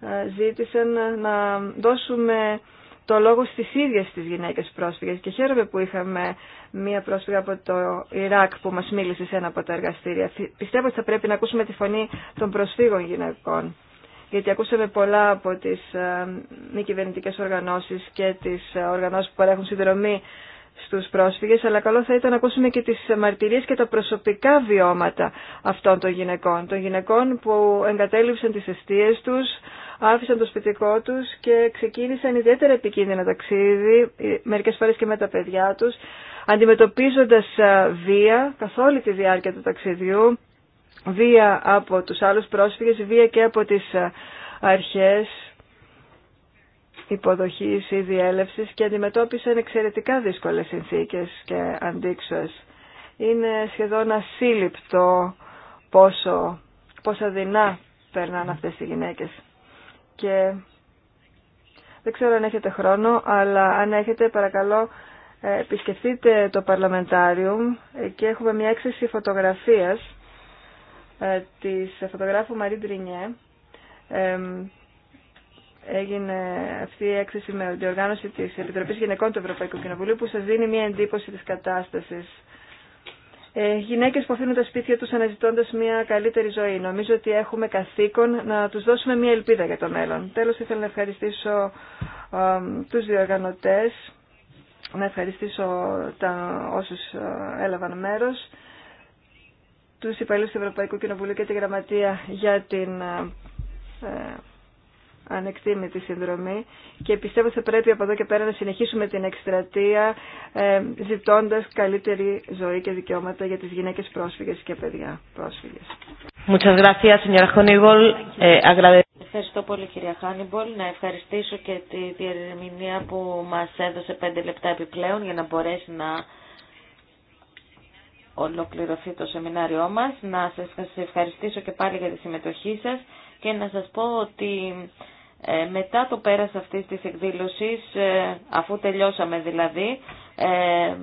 Speaker 1: ε, ζήτησαν να δώσουμε το λόγο στις ίδιες τις γυναίκες πρόσφυγες και χαίρομαι που είχαμε μία πρόσφυγα από το Ιράκ που μας μίλησε σε ένα από τα εργαστήρια. Πιστεύω ότι θα πρέπει να ακούσουμε τη φωνή των προσφύγων γυναικών γιατί ακούσαμε πολλά από τις ε, μη κυβερνητικέ οργανώσεις και τις ε, οργανώσεις που παρέχουν συνδρομή στους πρόσφυγες, αλλά καλό θα ήταν να ακούσουμε και τις μαρτυρίες και τα προσωπικά βιώματα αυτών των γυναικών. Των γυναικών που εγκατέλειψαν τις αιστείες τους, άφησαν το σπιτικό τους και ξεκίνησαν ιδιαίτερα επικίνδυνα ταξίδι, ε, μερικές φορές και με τα παιδιά τους, αντιμετωπίζοντας βία καθ' όλη τη διάρκεια του ταξιδιού, βία από τους άλλους πρόσφυγες, βία και από τις ε, αρχές υποδοχής ή διέλευσης και αντιμετώπισαν εξαιρετικά δύσκολες συνθήκες και αντίξωες. Είναι σχεδόν ασύλληπτο πόσο, πόσα δεινά περνάνε αυτές οι γυναίκες. Και δεν ξέρω αν έχετε χρόνο, αλλά αν έχετε παρακαλώ ε, επισκεφτείτε το Παρλαμεντάριου ε, και έχουμε μια έξεση φωτογραφίας ε, της φωτογράφου Μαρή Ντρινιέ έγινε αυτή η έκθεση με την οργάνωση της Επιτροπής Γυναικών του Ευρωπαϊκού Κοινοβουλίου που σας δίνει μια εντύπωση της κατάστασης. Ε, γυναίκες που αφήνουν τα σπίτια τους αναζητώντας μια καλύτερη ζωή. Νομίζω ότι έχουμε καθήκον να τους δώσουμε μια ελπίδα για το μέλλον. Τέλος ήθελα να ευχαριστήσω του τους διοργανωτές, να ευχαριστήσω τα, όσους ε, έλαβαν μέρος τους υπαλλήλους του Ευρωπαϊκού Κοινοβουλίου και τη Γραμματεία για την ε, ε, ανεκτήμητη συνδρομή και πιστεύω ότι θα πρέπει από εδώ και πέρα να συνεχίσουμε την εκστρατεία ε, ζητώντας καλύτερη ζωή και δικαιώματα για τις γυναίκες πρόσφυγες και παιδιά
Speaker 3: πρόσφυγες. Ε,
Speaker 2: Ευχαριστώ πολύ κυρία Χάνιμπολ. Να ευχαριστήσω και τη διερμηνία που μας έδωσε πέντε λεπτά επιπλέον για να μπορέσει να ολοκληρωθεί το σεμινάριό μας. Να σας ευχαριστήσω και πάλι για τη συμμετοχή σας και να σας πω ότι ε, μετά το πέρας αυτής της εκδήλωσης, ε, αφού τελειώσαμε δηλαδή, ε,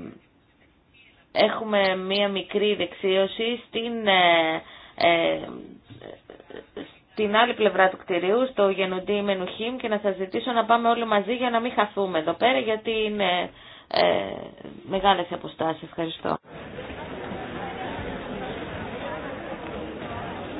Speaker 2: έχουμε μία μικρή δεξίωση στην, στην άλλη πλευρά του κτηρίου, στο Γενοντή Μενουχήμ και να σας ζητήσω να πάμε όλοι μαζί για να μην χαθούμε εδώ πέρα γιατί είναι μεγάλες αποστάσεις. Ευχαριστώ.